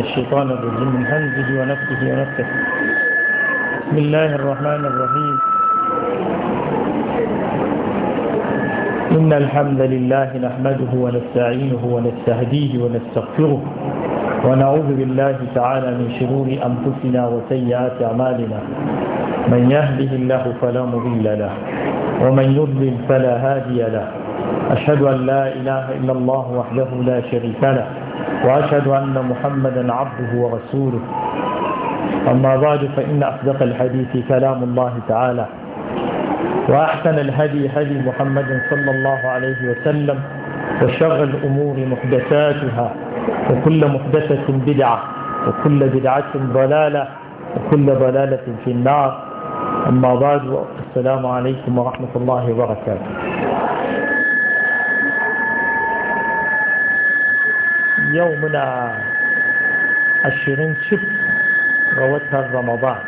الشيطان الرجيم من همزه ونفسه ونفسه بسم الله الرحمن الرحيم إن الحمد لله نحمده ونستعينه ونستهديه ونستغفره ونعوذ بالله تعالى من شرور أنفسنا وسيئات أعمالنا من يهده الله فلا مضل له ومن يضلل فلا هادي له أشهد أن لا إله إلا الله وحده لا شريك له وأشهد أن محمدا عبده ورسوله أما بعد فإن أصدق الحديث كلام الله تعالى وأحسن الهدي هدي محمد صلى الله عليه وسلم وشر الأمور محدثاتها وكل محدثة بدعة وكل بدعة ضلالة وكل ضلالة في النار أما بعد السلام عليكم ورحمة الله وبركاته yau muna ashirin cif ga watan ramadan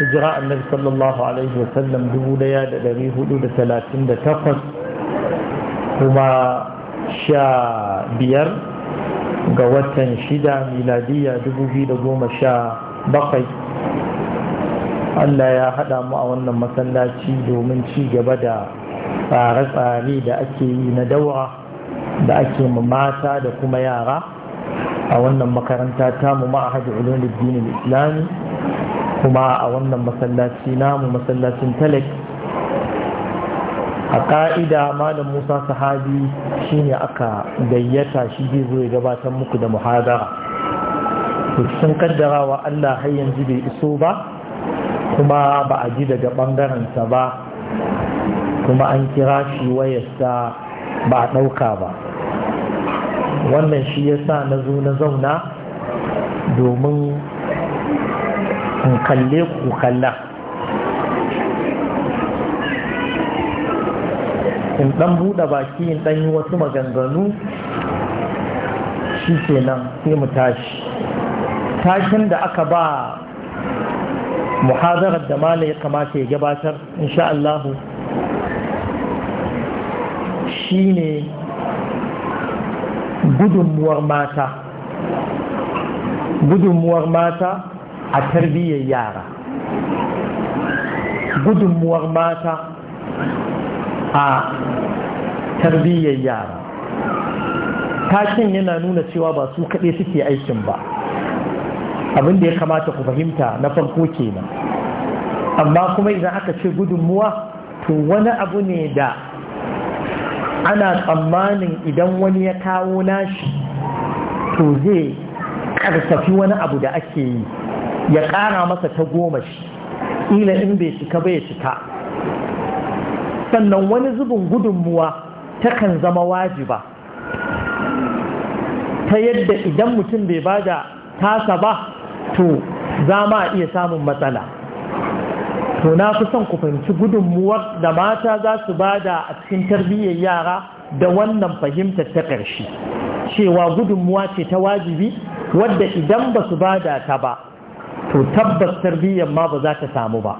hijira annabi sallallahu alaihi wasallam dubu daya da da talatin da takwas kuma sha biyar ga watan shida miladiya dubu biyu da goma sha bakwai Allah ya haɗa mu a wannan masallaci domin ci gaba da tsare-tsare da ake yi na daura da ake ma mata da kuma yara a wannan makaranta tamu ma'ahad ulumuddin Dinin islami kuma a wannan masallaci namu masallacin talek a ka'ida malam musa sahabi shine aka gayyata shi zai zo ya gabatar muku da muhadara to kaddarawa Allah har yanzu bai iso ba kuma ba a ji daga ɓangarensa ba kuma an kira shi wayarsa ba a ɗauka ba wannan shi ya sa na zo na zauna domin in kalle ku kalla in ɗan buɗe baki in ɗan yi wasu maganganu shi ke nan sai mu tashi tashin da aka ba muhazarar da mala ya kamata ya gabatar inshaAllahu. shine gudunmuwar mata gudunmuwar mata a tarbiyyar yara gudunmuwar mata a tarbiyyar yara takin yana nuna cewa ba su kaɗai suke aikin ba abin da ya kamata ku fahimta na farko kenan amma kuma idan aka ce gudunmuwa to wani abu ne da ana tsammanin idan wani ya kawo nashi to zai karsafi wani abu da ake yi ya ƙara masa ta goma shi ila in bai cika bai cika sannan wani zubin gudunmuwa takan zama wajiba ta yadda idan mutum bai bada tasa ba to za ma iya samun matsala to na fi son ku fahimci gudunmuwar da mata za su bada a cikin tarbiyyar yara da wannan fahimtar ta ƙarshe cewa gudunmuwa ce ta wajibi wadda idan ba su bada ta ba to tabbas tarbiyyar ma ba za ta samu ba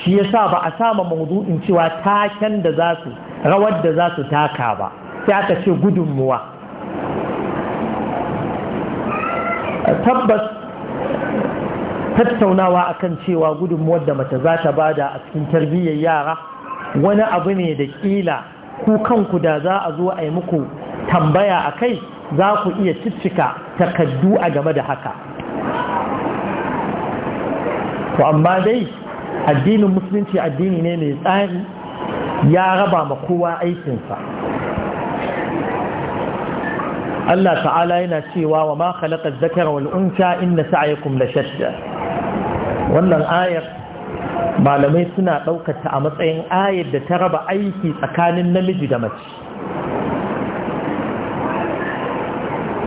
shi ya sa ba a sama maudu'in cewa taken da za su rawar da za su taka ba sai aka ce gudunmuwa tabbas tattaunawa akan cewa gudunmuwar da mace za ta bada a cikin tarbiyyar yara wani abu ne da kila ku kanku da za a zo a yi muku tambaya a kai za ku iya ciccika takaddu a game da haka to amma dai addinin musulunci addini ne mai tsari ya raba ma kowa aikinsa Allah ta'ala yana cewa wa ma khalaqa dhakara wal unsa inna sa'yakum lashatta wannan ayar malamai suna ɗaukata a matsayin ayar da ta raba aiki tsakanin namiji da mace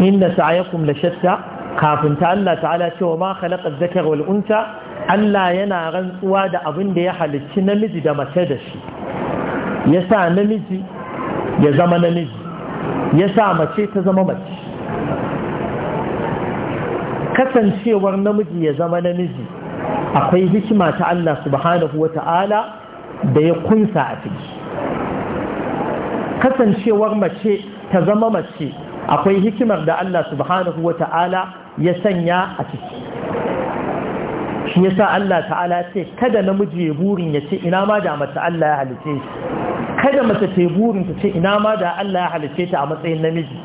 inna sa'yakum lashatta kafin ta Allah ta'ala cewa ma khalaqa dhakara wal unsa Allah yana rantsuwa da abin da ya halicci namiji da mace da shi yasa namiji ya zama namiji ya sa mace ta zama mace kasancewar namiji ya zama namiji akwai hikima ta Allah subhanahu wa ta'ala da ya kunsa a ciki kasancewar mace ta zama mace akwai hikimar da Allah subhanahu wa ta'ala ya sanya a ciki shi yasa Allah ta'ala ce kada namiji ya burin ya ce ina ma da mace Allah ya halice shi kada mace ta burin ta ce ina ma da Allah ya halice ta a matsayin namiji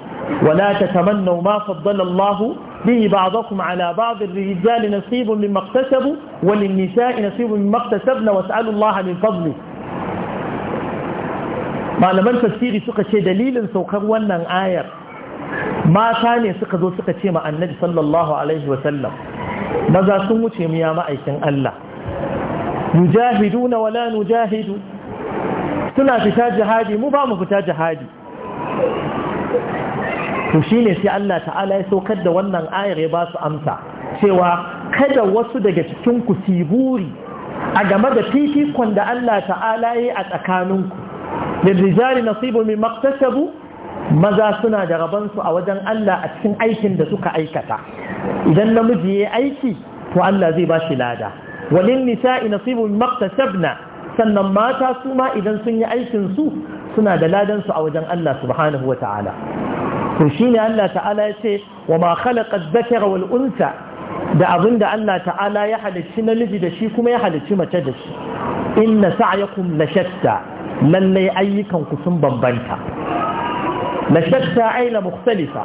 wala ta tamanna ma faddala Allah bihi ba'dakum ala ba'd ar-rijali nasibun mimma iktasabu wa lin-nisa'i nasibun mimma iktasabna was'alu Allah min fadli malaman tafsiri suka ce dalilin saukar wannan ayar mata ne suka zo suka ce ma annabi sallallahu alaihi wa sallam maza sun wuce mu ya ma'aikin Allah yujahiduna wala nujahidu suna fita jihadi mu ba mu fita jihadi to shine sai Allah ta'ala ya saukar da wannan ayar ya ba su amsa cewa kada wasu daga cikin ku tiburi a game da fifikon da Allah ta'ala ya a tsakaninku rijali nasibu min maqtasabu maza suna da su a wajen Allah a cikin aikin da suka aikata idan namiji yayi aiki to Allah zai ba shi lada walin nisa'i nasibu min maqtasabna sannan mata su ma idan sun yi aikin su suna da ladan su a wajen Allah subhanahu wa ta'ala to shine Allah ta'ala ya ce wa ma khalaqa dhakara wal unsa da abin da Allah ta'ala ya halicci namiji da shi kuma ya halicci mace da shi inna sa'yakum la shatta lallai ayyukan ku sun bambanta la shatta ay la mukhtalifa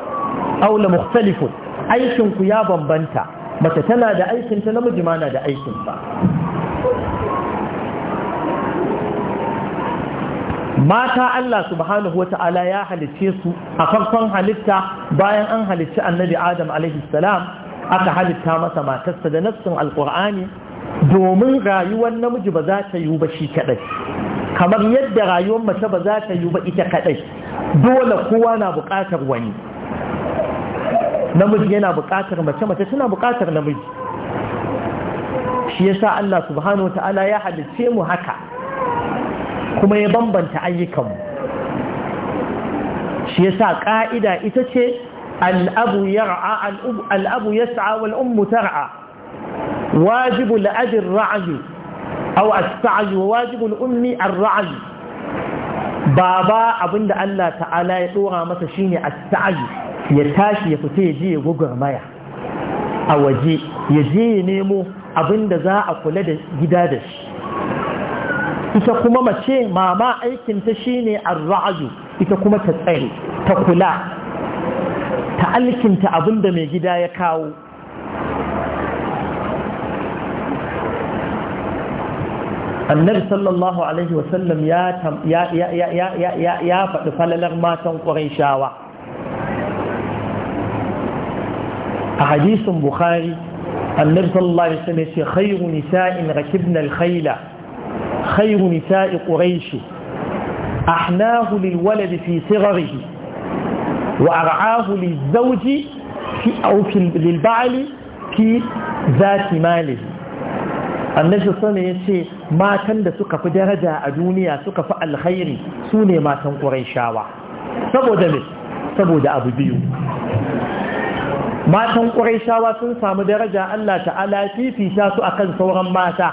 aw la mukhtalifun aikin ku ya bambanta mace tana da aikin ta namiji ma na da aikin sa mata Allah subhanahu ta'ala ya halicce su a farkon halitta bayan an halicci annabi Adam alaihi salam aka halitta masa matarsa da nassin alkur'ani domin rayuwar namiji ba za ta yiwu ba shi kadai kamar yadda rayuwar mace ba za ta yiwu ba ita kaɗai, dole kowa na buƙatar wani namiji yana buƙatar mace mace tana buƙatar namiji shi yasa Allah subhanahu ta'ala ya halicce mu haka kuma ya bambanta ayyukanmu shi yasa ƙa'ida ita ce al'abu yar'a al'abu yas'a wal ummu tar'a wajibu al'abi ar-ra'yi aw as-sa'y wajibu al-ummi ar-ra'yi baba abinda Allah ta'ala ya dora masa shine as-sa'y ya tashi ya fita ya je ya gogarmaya. a waje ya je ya nemo abinda za a kula da gida da shi ita kuma mace mama aikinta shine arra'adu ita kuma ta ta kula ta alkinta abinda mai gida ya kawo annabi sallallahu alaihi wasallam ya faɗi falalar matan ƙwarai shawa a hadisin bukhari annabi sallallahu alaihi wasallam ya ce khairu nisa'in rakibna khaila خير نساء قريش أحناه للولد في صغره وأرعاه للزوج في أو في للبعل في ذات ماله annabi sallallahu ya ce matan da suka fi daraja a duniya suka fi alkhairi sune matan ƙuraishawa saboda saboda abu biyu matan ƙuraishawa sun samu daraja Allah ta'ala fifita su akan sauran mata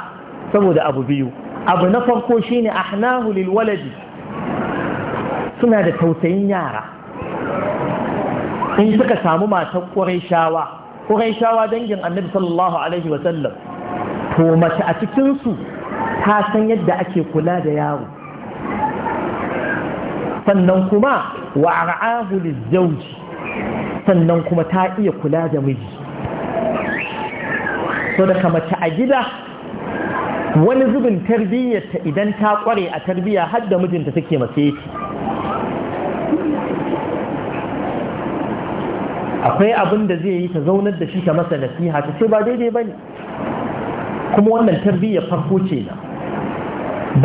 saboda abu biyu abu na farko shine ahnahu lil waladi suna da tausayin yara in suka samu matan ƙurayshawa ƙurayshawa dangin annabi sallallahu alaihi wa sallam to mace a cikin su ta san yadda ake kula da yaro sannan kuma wa ar'ahu Zawji, sannan kuma ta iya kula da miji so daga mace a gida wani zubin tarbiyyarta idan ta kware a tarbiyya har da mijinta take mace akwai abin da zai yi ta zaunar da shi ta masa nasiha ta ce ba daidai ba ne kuma wannan tarbiyyar farko ce na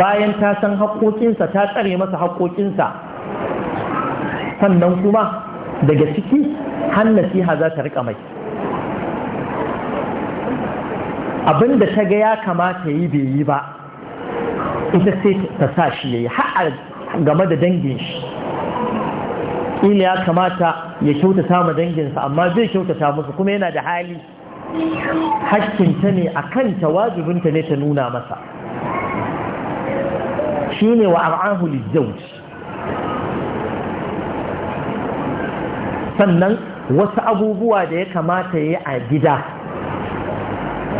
bayan ta san haƙoƙinsa ta tsare masa haƙoƙinsa sannan kuma daga ciki har nasiha za ta riƙa mai abin da ta ga ya kamata yi bai yi ba ita sai ta sa shi ya yi har game da dangin shi ila ya kamata ya kyautata ma danginsa amma zai kyautata musu kuma yana da hali hakkinta ne a kanta wajibinta ne ta nuna masa shi ne wa al'ahu lizzauci sannan wasu abubuwa da ya kamata ya yi a gida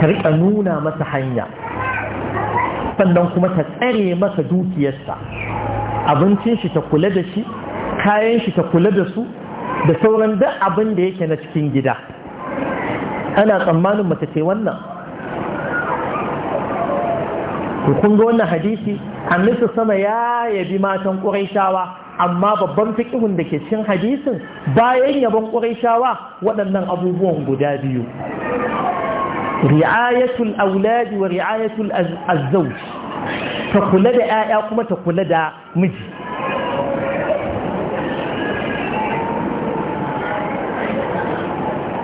ta riƙa nuna masa hanya sannan kuma ta tsare masa dukiyarsa abincin shi ta kula da shi kayan shi ta kula da su da sauran duk abin da yake na cikin gida ana tsammanin mace ce wannan kun ga wannan hadisi annabi sama ya yabi matan ƙuraishawa amma babban fikihun da ke cikin hadisin bayan yabon ƙuraishawa waɗannan abubuwan guda biyu ri'ayatul auladi wa ri'ayatul azwaj ta kula da 'ya'ya kuma ta kula da miji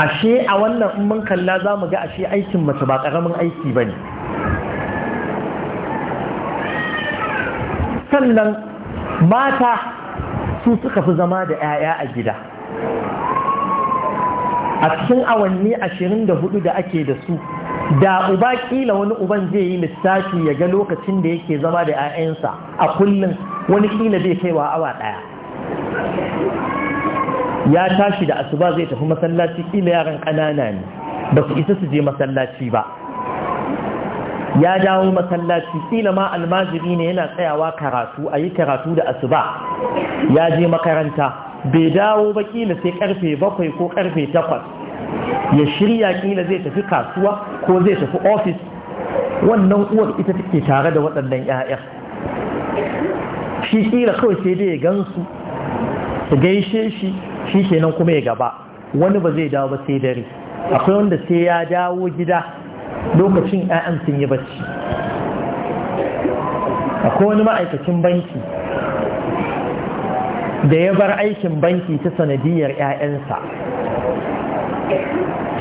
ashe a wannan in mun kalla zamu ga ashe aikin mace ba ƙaramin aiki bane sannan mata su suka fi zama da 'ya'ya a gida a cikin awanni ashirin da hudu da ake da su da uba kila wani uban zai yi lissafi ya ga lokacin da yake zama da 'ya'yansa a kullum wani kila zai kaiwa awa ɗaya ya tashi da asuba zai tafi masallaci kila yaran ƙanana ne ba su isa su je masallaci ba ya dawo masallaci kila ma almajiri ne yana tsayawa karatu a yi karatu da asuba ya je makaranta bai dawo ba kila sai karfe bakwai ko karfe takwas ya shirya kila zai tafi kasuwa ko zai tafi ofis wannan uwar ita take tare da waɗannan 'ya'ya shi kila kawai sai dai ya gansu su gaishe shi shi kenan kuma ya gaba wani ba zai dawo ba sai dare akwai wanda sai ya dawo gida lokacin 'ya'yan sun yi bacci akwai wani ma'aikacin banki da ya bar aikin banki ta sanadiyar 'ya'yansa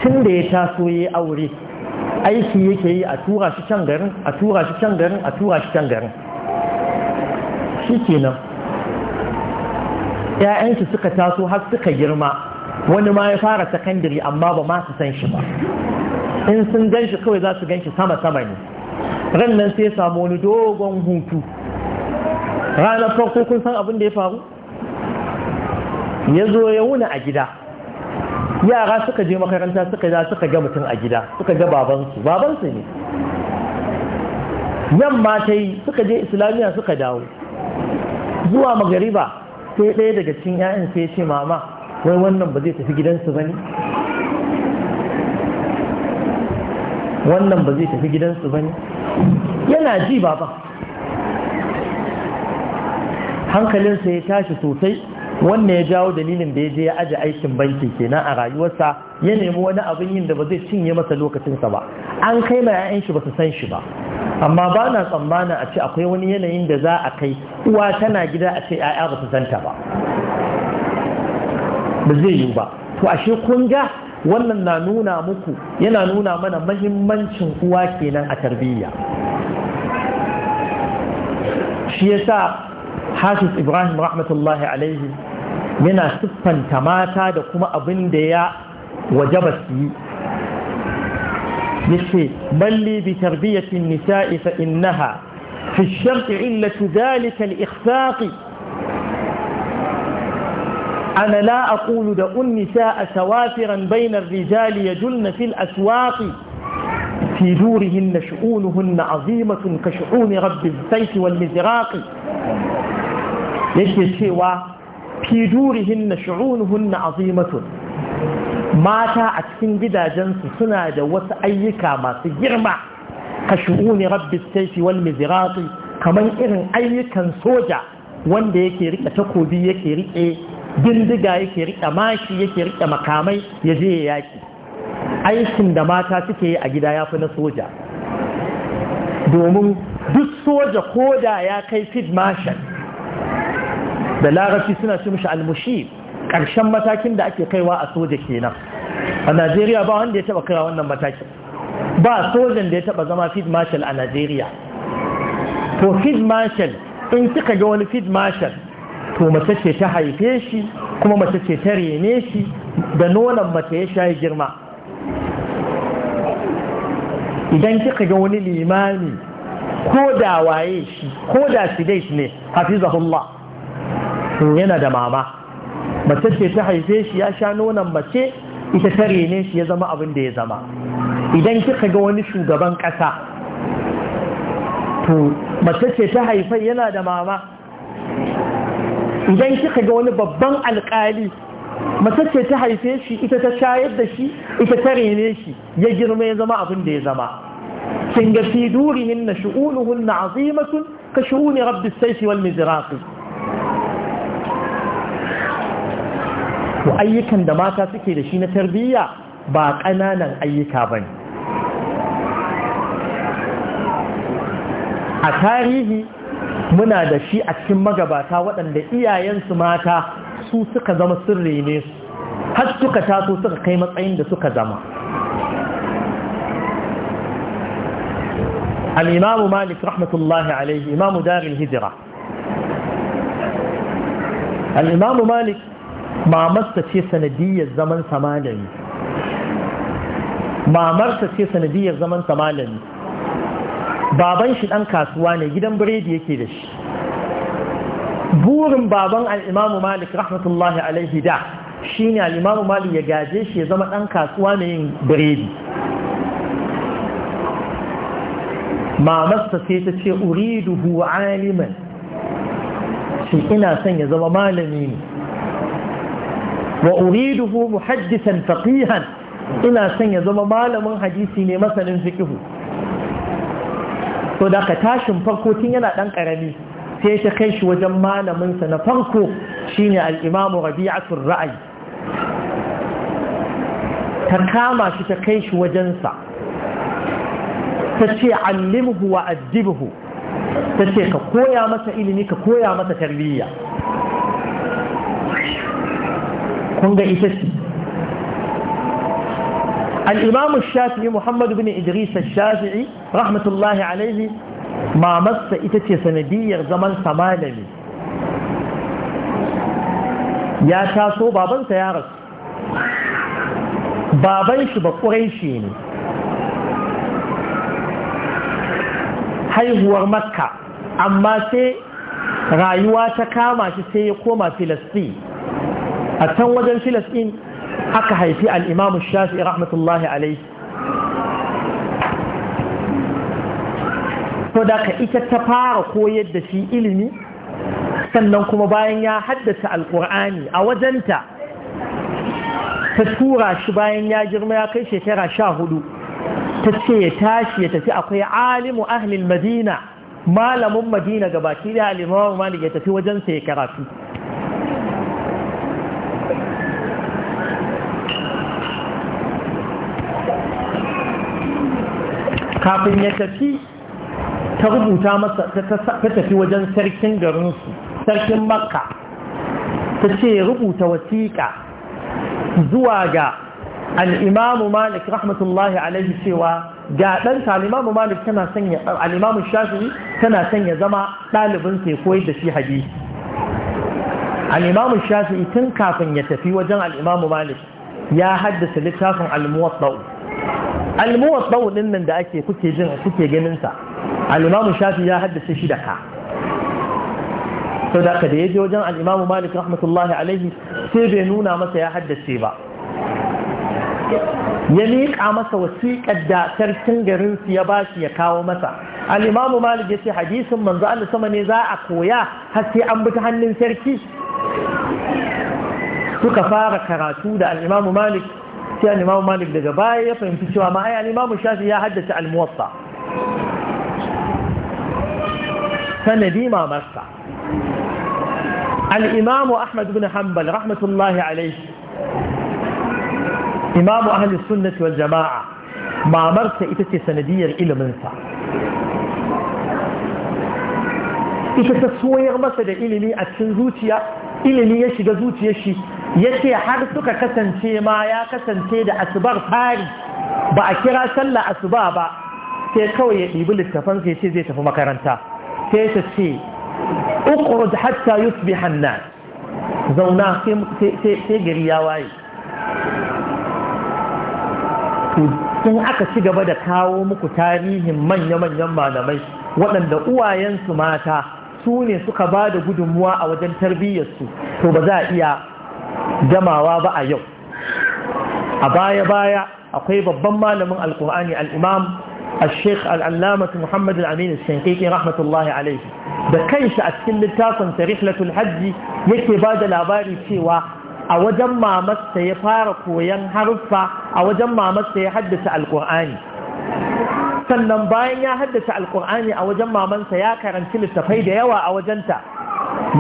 tun da ya taso ya aure aiki yake yi a tura shi can garin a tura shi can garin a tura shi can garin shi kenan ‘ya'yansu suka taso har suka girma wani ma ya fara sakandare amma ba ma su san shi ba in sun gan shi kawai za su gan shi sama-sama ne Rannan nan sai samu wani dogon hutu ranar farko kun san abin da ya faru ya zo ya wuna a gida yara suka je makaranta suka za suka ga mutum a gida suka ga babansu babansu ne yan matai suka je islamiyya suka dawo zuwa magariba sai ɗaya daga cikin 'ya'yan sai ce mama wai wannan ba zai tafi gidansu ba ne wannan ba zai tafi gidansu ba ne yana ji baban. hankalinsa ya tashi sosai wannan ya jawo dalilin da ya je ya aje aikin banki kenan a rayuwarsa ya nemi wani abin yin da ba zai cinye masa lokacinsa ba an kai ma 'ya'yan shi ba su san shi ba amma ba na tsammana a ce akwai wani yanayin da za a kai uwa tana gida a ce 'ya'ya ba su san ta ba ba zai yiwu ba to ashe kun ga wannan na nuna muku yana nuna mana mahimmancin uwa kenan a tarbiyya shi yasa hafiz ibrahim rahmatullahi alaihi yana siffanta mata da kuma abin da ya wajaba su yi yace balli bi tarbiyatin nisa'i fa innaha fi ash-shart illatu dhalika al-ikhfaq أنا لا أقول دعوا النساء سوافرا بين الرجال يجلن في الأسواق في دورهن شؤونهن عظيمة كشؤون رب السيف والمزراق يشي الشيوى fi durihinna shu'unuhunna azimatun mata a cikin gidajensu suna da wasu ayyuka masu girma ka shu'uni rabbi saifi wal mizirati kamar irin ayyukan soja wanda yake rike takobi yake rike bindiga yake rike mashi yake rike makamai ya je ya yaki aikin da mata suke yi a gida ya fi na soja domin duk soja koda ya kai fit marshal da larabci suna ce mishi almushi ƙarshen matakin da ake kaiwa a soja kenan a najeriya ba wanda ya taba kaiwa wannan matakin ba sojan da ya taba zama field marshal a najeriya to field marshal in kika ga wani field marshal to mace ce ta haife shi kuma mace ce ta rene shi da nonon mace ya shayi girma idan kika ga wani limami ko da waye shi ko da shi ne hafizahullah yana da mama mace ce ta haife shi ya sha nonon mace ita ta rene shi ya zama abin da ya zama idan kika ga wani shugaban ƙasa to mace ce ta haife yana da mama idan kika ga wani babban alƙali mace ce ta haife shi ita ta shayar da shi ita ta rene shi ya girma ya zama abin da ya zama kin ga fi durihin na shu'unuhun na azimatun ka shu'uni rabbi shi wal mizraqi to ayyukan da mata suke da shi na tarbiyya ba ƙananan ayyuka ba ne a tarihi muna da shi a cikin magabata waɗanda iyayensu mata su suka zama sirri ne su har suka taso suka kai matsayin da suka zama al'imamu malik rahmatullahi alaihi imamu darin hijira al'imamu malik mamarsa ce sanadiyar zaman samalami mamarsa ce sanadiyar zaman samalami baban shi dan kasuwa ne gidan biredi yake da shi burin baban al'imamu malik rahmatullahi alaihi da shi ne al'imamu malik ya gaje shi ya zama dan kasuwa ne yin biredi mamasta sai ta ce uridu aliman shi ina son ya zama malami ne wa uriduhu muhaddisan faqihan ina son ya zama malamin hadisi ne masanin fiqh to da ka tashin farko tun yana dan karami sai ta kai shi wajen malamin sa na farko shine al-imam rabi'atul ra'i ta kama shi ta kai shi wajen sa ta ce allimhu wa addibhu ta ce ka koya masa ilimi ka koya masa tarbiyya kun ga ita ce al shafi'i muhammad bin idris shafi'i rahmatullahi alaihi mamarsa ita ce sanadiyar zaman samanami ya taso babansa ya rasu baban shi ba shi ne haihuwar makka amma sai rayuwa ta kama shi sai ya koma filastin. a can wajen filas ɗin aka haifi al'imamu shafi rahmatullahi alaihi to da ka ita ta fara koyar da shi ilimi sannan kuma bayan ya haddasa alƙur'ani a wajenta ta tura shi bayan ya girma ya kai shekara sha hudu ta ce ya tashi ya tafi akwai alimu ahlil madina malamin madina ga da alimawa malik ya tafi wajensa ya karatu kafin ya tafi ta rubuta masa ta tafi wajen sarkin garinsu sarkin makka ta ce rubuta wasiƙa zuwa ga al'imamu malik rahmatullahi alaihi cewa ga ɗanta al'imamu malik tana sanya al'imamu shafi tana sanya zama ɗalibin ke koyar da shi hadisi al'imamu shafi tun kafin ya tafi wajen al'imamu malik ya haddasa littafin al ɗau. al-muwatta din nan da ake kuke jin kuke ganin sa al-imamu shafi ya haddace shi da ka sau da aka da ya je wajen al-imamu malik rahmatullahi alaihi sai bai nuna masa ya haddace ba ya miƙa masa wasiƙar da sarkin garin su ya bashi ya kawo masa al-imamu malik ya ce hadisin manzo Allah sama ne za a koya har sai an bi ta hannun sarki suka fara karatu da al-imamu malik يعني ما مالك لجبايف ينفسوا ما يعني ما مشافي يا حدث عن الموطع فندي ما مرسع الإمام أحمد بن حنبل رحمة الله عليه إمام أهل السنة والجماعة ما مرسع إتتي سندي إلى منسع إتتي سوير مسد إلي مئة سنزوتيا ilimi ya shiga zuciyar shi ya ce har suka kasance ma ya kasance da asubar fari ba a kira sallah asuba ba sai kawai ya ɗibi littafan sai ce zai tafi makaranta sai ta ce ukhruj hatta yusbi hanna zauna sai gari ya waye in aka ci gaba da kawo muku tarihin manya-manyan malamai waɗanda uwayensu mata su ne suka ba da gudunmuwa a wajen tarbiyyarsu to ba za a iya damawa ba a yau a baya-baya akwai babban malamin alkur'ani al'imam al-sheikh al'allamatu muhammadu al'aminu shankiki rahmatullahi alaihi da kanshi a cikin littafin tarihlatul hajji yake ba da labari cewa a wajen mamasta ya fara koyan haruffa a wajen mamasta ya haddasa alkur'ani sannan bayan ya haddace alkur'ani a wajen mamansa ya karanci littafai da yawa a wajenta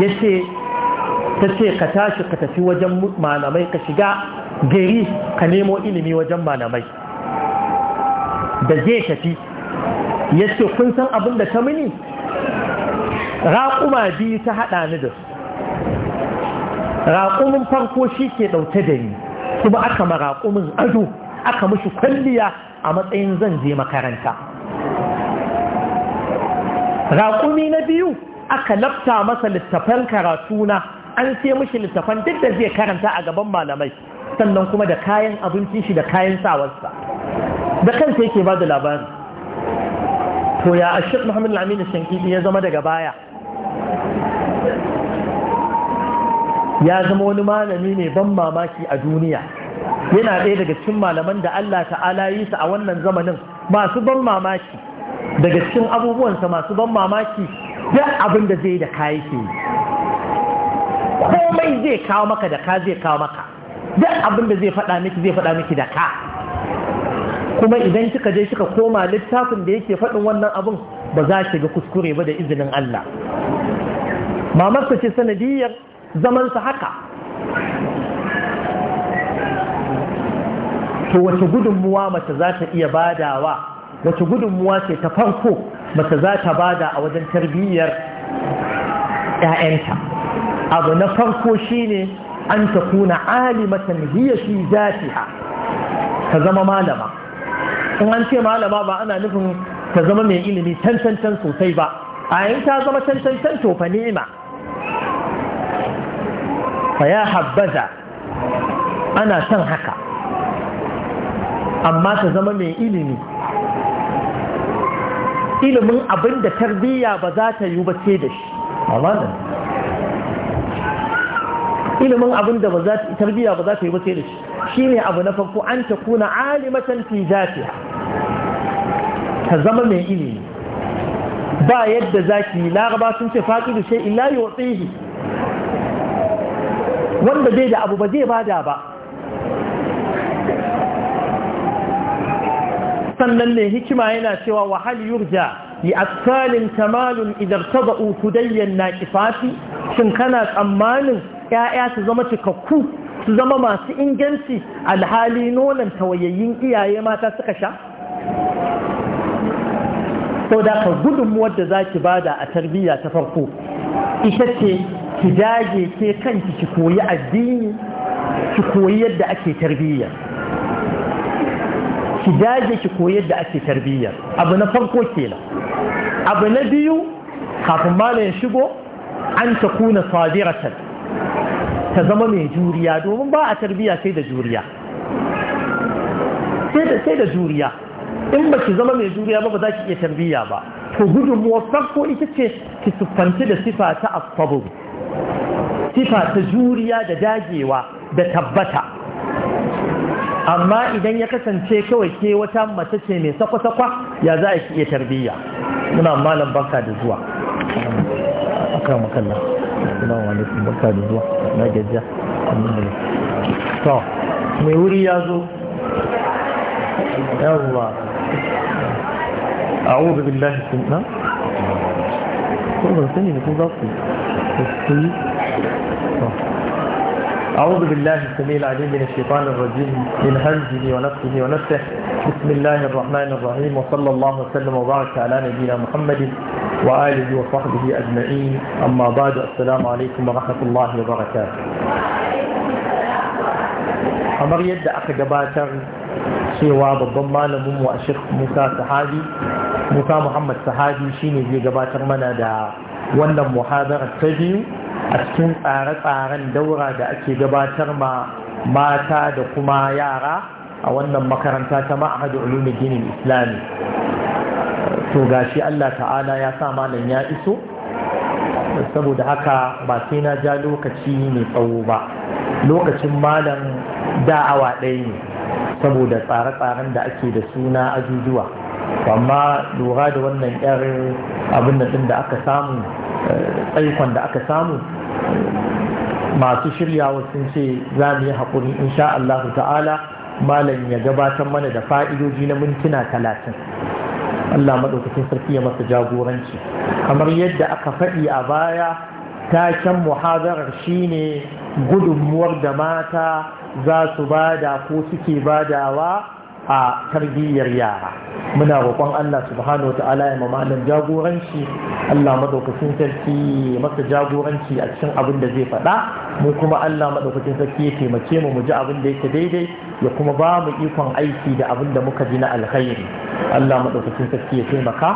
ya ce ta ce ka tashi ka tafi wajen malamai ka shiga gari ka nemo ilimi wajen malamai da zai tafi ya ce kun san abin da ta mini raƙuma biyu ta haɗa ni da su raƙumin farko shi ke ɗauke da ni kuma aka ma raƙumin ado aka mashi kwalliya a matsayin zan je makaranta raƙumi na biyu aka lafta masa littafan karatuna an sai mushi littafan duk da zai karanta a gaban malamai sannan kuma da kayan abincin shi da kayan sawarsa da kansa yake ba da labari to ya ashir muhammadu Aminu shankidi ya zama daga baya ya zama wani malami ne ban mamaki a duniya yana ɗaya daga cikin malaman da Allah ta'ala yi su a wannan zamanin masu ban mamaki daga cikin abubuwansa masu ban mamaki duk abin da zai da kayi ke yi, komai zai kawo maka da ka zai kawo maka duk abin da zai faɗa miki zai faɗa miki da ka kuma idan kika je kika koma littafin da yake faɗin wannan abin ba za ki ga kuskure ba da izinin Allah mamarsa ce sanadiyar zamansa haka to wace gudunmuwa mace za ta iya badawa wace gudunmuwa ce ta farko mace za ta bada a wajen tarbiyyar 'ya'yanta abu na farko shine an ta kuna alimatan hiya shi zatiha ta zama malama in an ce malama ba ana nufin ta zama mai ilimi cancancan sosai ba a yin ta zama cancancan tofa ni'ima fa ya habbaza ana son haka amma ta zama mai ilimi ilimin abin da tarbiyya ba za ta yi ba ce da shi amanan ilimin abin tarbiyya ba za ta yi ba ce da shi shi ne abu na farko an ta kuna alimatan fi zafiya ta zama mai ilimi ba yadda za ki yi laraba sun ce faƙi da shai illa yi watsihi wanda bai da abu ba zai bada ba sannan ne hikima yana cewa wahal yurja li akalin kamalun idan taba'u na naqifati shin kana tsammanin 'ya'ya su zama cikakku su zama masu inganci alhali nonon tawayayyin iyaye mata suka sha sau da ka gudun da za ki bada a tarbiyya ta farko ita ce ki dage ke kanki ki koyi addini ki koyi yadda ake tarbiyya ki dage ki koyar da ake tarbiyyar abu na farko kenan abu na biyu kafin malayin shigo an ta kuna ta zama mai juriya domin ba a tarbiyya sai da juriya sai da juriya in ba ki zama mai juriya ba ba za ki iya tarbiyya ba to gudunmuwar farko ita ce ki siffanci da sifa ta asfabu sifa ta juriya da dagewa da tabbata amma idan ya kasance kawai ke wata mace ce mai sakwa-sakwa ya za a iya tarbiyya muna malam barka da zuwa kan makalla suna wani barka da zuwa na gajiya to mai wuri ya zo yawwa a wuri billahi sun ɗan ko ba ne da kun za su yi أعوذ بالله السميع العليم من الشيطان الرجيم من همزه ونفسه ونفسه بسم الله الرحمن الرحيم وصلى الله وسلم وبارك على نبينا محمد وآله وصحبه أجمعين أما بعد السلام عليكم ورحمة الله وبركاته أمر يد أخي gabatar cewa babban malamin mu a موسى سحادي موسى محمد سحادي شيني shine zai gabatar mana محاضرة wannan a cikin tsare-tsaren daura da ake gabatar ma mata da kuma yara a wannan makaranta ta ma'ahadu ulumin ginin islami to gashi Allah ta'ala ya sa malam ya iso saboda haka ba sai na ja lokaci mai tsawo ba lokacin malam da'awa ɗaya ne saboda tsare-tsaren da ake da suna ajujuwa amma lura da wannan yar abin da aka samu eh, tsaikon da aka samu masu shiryawa sun ce za mu yi haƙuri insha Allah ta'ala malam ya gabatar mana da fa'idoji na mintuna talatin Allah maɗaukacin sarki ya masa jagoranci kamar yadda aka faɗi a baya taken muhazarar shine gudunmuwar da mata za su bada ko suke badawa a tarbiyyar yara muna roƙon Allah subhanahu wata'ala ya mamalin jagoranci Allah madaukakin sarki masa jagoranci a cikin abin da zai faɗa mu kuma Allah madaukakin sarki ya taimake mu mu ji abin da yake daidai ya kuma ba mu ikon aiki da abin da muka ji na alkhairi Allah madaukakin sarki ya taimaka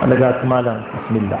Allah ga malam bismillah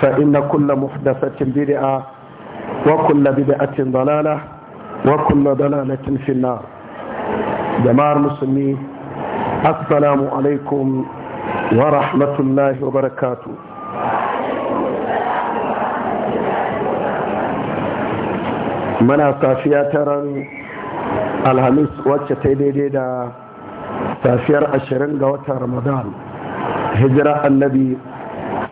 فإن كل محدثة بدعة وكل بدعة ضلالة وكل ضلالة في النار جماعة المسلمين السلام عليكم ورحمة الله وبركاته mana safiya ta ran alhamis wacce ta daidai da safiyar ashirin ga watan ramadan hijira annabi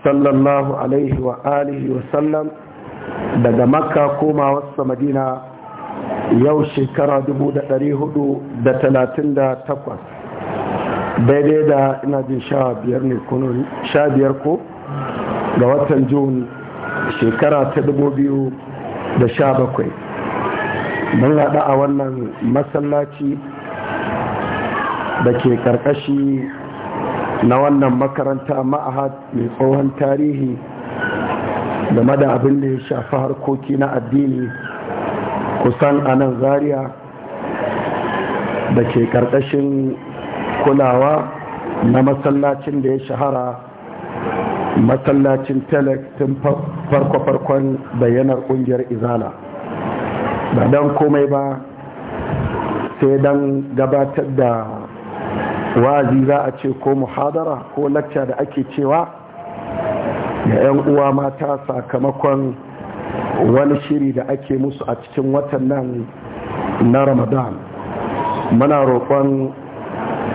sallallahu alaihi wa alihi wa sallam daga makka koma wasu madina yau shekara 438 daidai da ina jin sha biyar ne kuno sha biyar ko ga watan jun shekara ta 2017 mun haɗa a wannan masallaci da ke karkashi na wannan makaranta ma'ahad mai tsohon tarihi game da abin da ya shafi harkoki na addini kusan a nan zaria da ke karkashin kulawa na masallacin da ya shahara masallacin telek tun farko-farkon bayyanar kungiyar izala ba don komai ba sai don gabatar da wazi za a ce ko muhadara ko lacca da ake cewa da 'yan uwa mata sakamakon wani shiri da ake musu a cikin watan nan na ramadan mana roƙon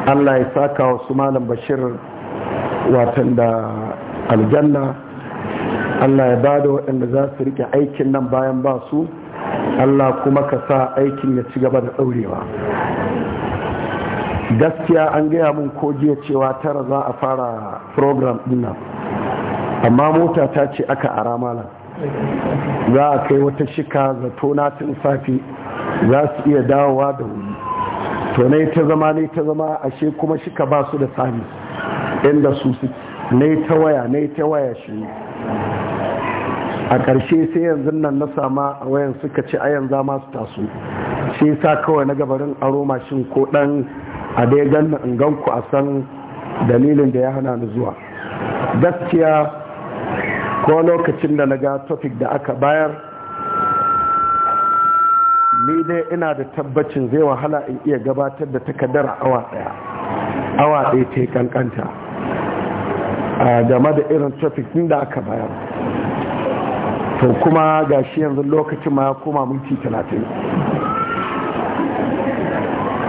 allah ya saka wasu malam bashir watan da aljanna allah ya ba da waɗanda za su rike aikin nan bayan ba su allah kuma ka sa aikin ya ci gaba da ɗaurewa gaskiya an gaya mun ko jiya cewa tara za a fara program dinnan amma mota ta ce aka a ramalan za a kai wata shika zato tona tun safi za su iya dawowa da wuri to ne ta zama ne ta zama ashe kuma shika ba su da sami inda su su ne ta waya ne ta waya shi a ƙarshe sai yanzu nan na sama a wayan suka ce a yanzu ma su taso sai sa kawai na gabarin aro mashin ko ɗan a dai ganna in ganku a san dalilin da ya hana ni zuwa gaskiya ko lokacin da na ga topic da aka bayar ni dai ina da tabbacin zai wahala in iya gabatar da takardar awa daya awa daya ta kankanta a game da irin topic din da aka bayar to kuma gashi yanzu lokacin ma kuma minti talatin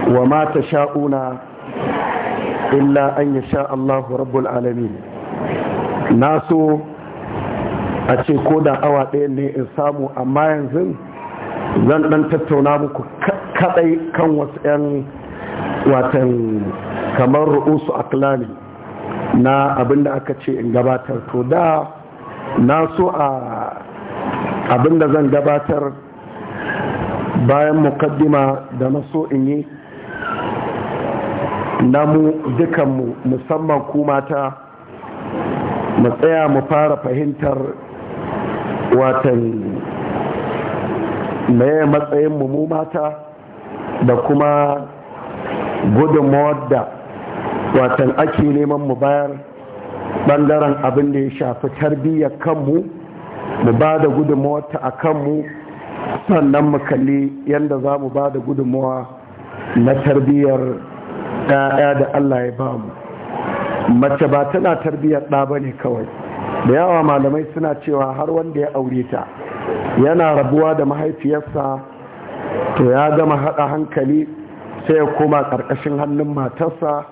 wa ma tasha'una illa an yasha Allahu rabbul alamin na so a ce ko da awa ɗaya ne in samu amma yanzu zan ɗan tattauna muku kaɗai kan wasu 'yan watan kamar ru'usu aklami na abinda aka ce in gabatar to da na so a da zan gabatar bayan mukaddima da na so in yi Na mu dukanmu musamman ku mata mu tsaya mu fara fahimtar watan maye matsayin mu mata da kuma gudunmawar da watan ake neman mu bayar bangaren abin da ya shafi tarbiyyar kanmu mu ba da gudunmawar ta a kanmu sannan mu kalli yadda za mu ba da gudunmawa na tarbiyyar ɗaya da Allah ya ba mu mace ba tana tarbiyyar ɗa ba ne kawai da yawa malamai suna cewa har wanda ya aure ta yana rabuwa da mahaifiyarsa to ya gama haɗa hankali sai ya koma ƙarƙashin hannun matarsa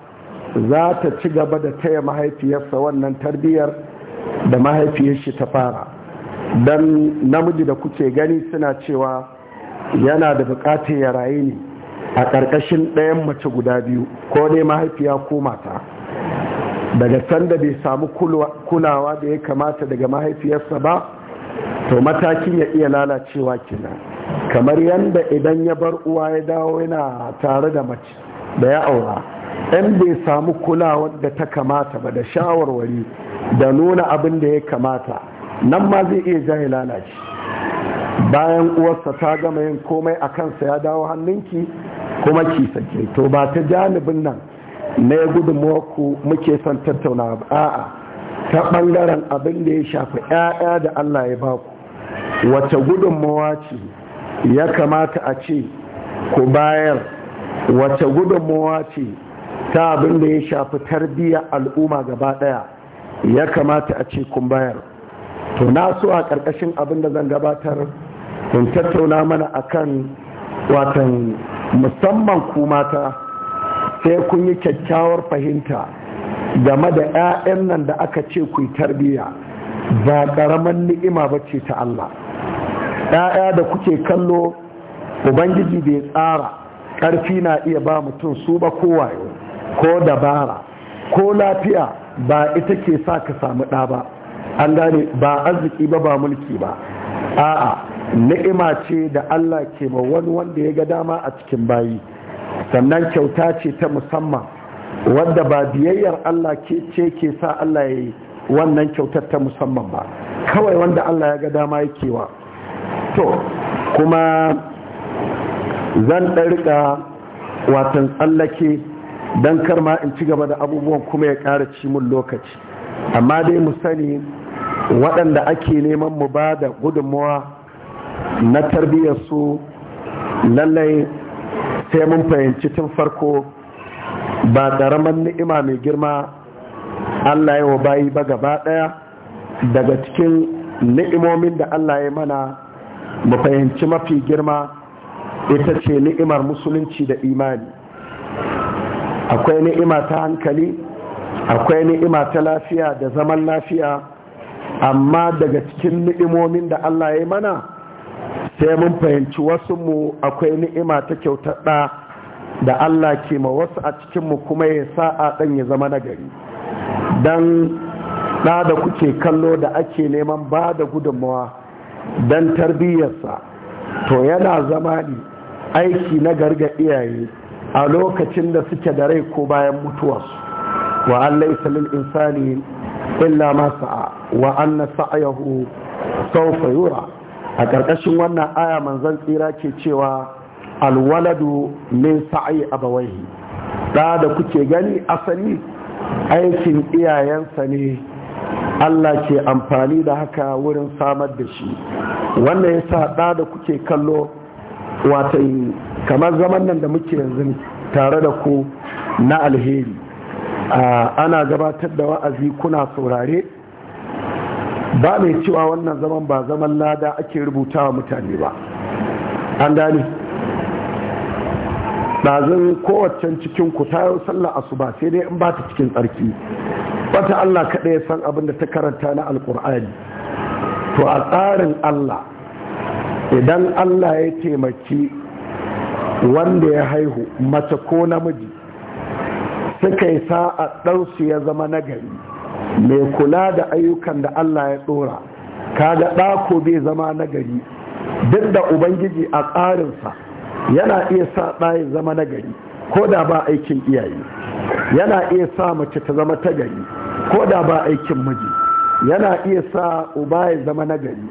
za ta ci gaba da taya mahaifiyarsa wannan tarbiyyar da mahaifiyar shi ta fara don namiji da kuke gani suna cewa yana da bukatar ya rayu ne a ƙarƙashin ɗayan mace guda biyu ko dai mahaifiya ko mata daga sanda bai samu kulawa da ya kamata daga mahaifiyarsa ba to matakin ya iya lalacewa kenan kamar yadda idan ya bar uwa ya dawo yana tare da mace da ya aura ɗan bai samu kulawa da ta kamata ba da shawarwari da nuna abin da ya kamata nan ma zai iya jahi lalace bayan uwarsa ta gama yin komai a kansa ya dawo hannunki kuma ki sake to ba ta janibin nan na ya gudunmuwa ku muke son tattauna a'a ta ɓangaren abin da ya shafi 'ya'ya da Allah ya baku wace gudun ce ya kamata a ce ku bayar wace gudun ce ta abin da ya shafi tarbiyya al'umma gaba ɗaya ya kamata a ce kun bayar to na so a ƙarƙashin abin da zan gabatar in tattauna mana akan watan musamman ku mata sai kun yi kyakkyawar fahimta game da 'ya'yan nan da aka ce ku tarbiyya ba ƙaramin ni'ima ba ce ta Allah 'ya'ya da kuke kallo ubangiji bai tsara ƙarfi na iya ba mutum su ba kowayo ko dabara ko lafiya ba ita ke sa ka samu ɗa ba an gane ba arziki ba ba mulki ba a'a ni'ima ce da Allah ke ma wani wanda ya ga dama a cikin bayi sannan kyauta ce ta musamman wadda ba biyayyar Allah ke ce ke sa Allah ya yi wannan kyautar ta musamman ba kawai wanda Allah ya ga dama yake wa to kuma zan ɗarika watan tsallake don karma in ci gaba da abubuwan kuma ya ƙara ci mun lokaci amma dai mu sani waɗanda ake neman mu ba da gudunmawa na tarbiyyar su lallai sai mun fahimci tun farko ba ƙaramin ni'ima mai girma Allah ya wa bayi ba gaba ɗaya daga cikin ni'imomin da Allah ya mana mu fahimci mafi girma ita ce ni'imar musulunci da imani akwai ni'ima ta hankali akwai ni'ima ta lafiya da zaman lafiya amma daga cikin ni'imomin da Allah ya mana sai mun fahimci wasu mu akwai ni'ima ta kyautar ɗa da Allah ke ma wasu a cikinmu kuma ya sa'a ɗan ya zama nagari don ɗa da kuke kallo da ake neman ba da gudunmawa don tarbiyyarsa to yana zama ne aiki na garga iyaye a lokacin da suke da rai ko bayan mutuwarsu wa Allah isalin insani illa ma sa'a wa anna sa'yahu sawfa yura a ƙarƙashin wannan aya manzan tsira ke cewa alwaladu min a abawaihi ɗa da kuke gani asali aikin iyayensa ne Allah ke amfani da haka wurin samar da shi wannan ya sa ɗa da kuke kallo watan kamar zaman nan da muke yanzu tare da ku na alheri ana gabatar da wa'azi kuna saurare ba mai cewa wannan zaman ba zaman lada ake rubuta wa mutane ba an gane zan kowaccen cikin ku ta yi sallar asuba sai dai in ba ta cikin tsarki wata allah kaɗai san abin da ta karanta na alƙur'ani to a tsarin allah idan allah ya taimaki wanda ya haihu mace ko namiji suka yi sa'a ɗansu ya zama nagari mai kula da ayyukan da Allah ya tsora kaga ɗako bai zama nagari duk da ubangiji a tsarinsa yana iya sa ɗayin zama nagari ko da ba aikin iyaye yana iya sa mace ta zama tagari, gari ko da ba aikin miji yana iya sa uba ya zama nagari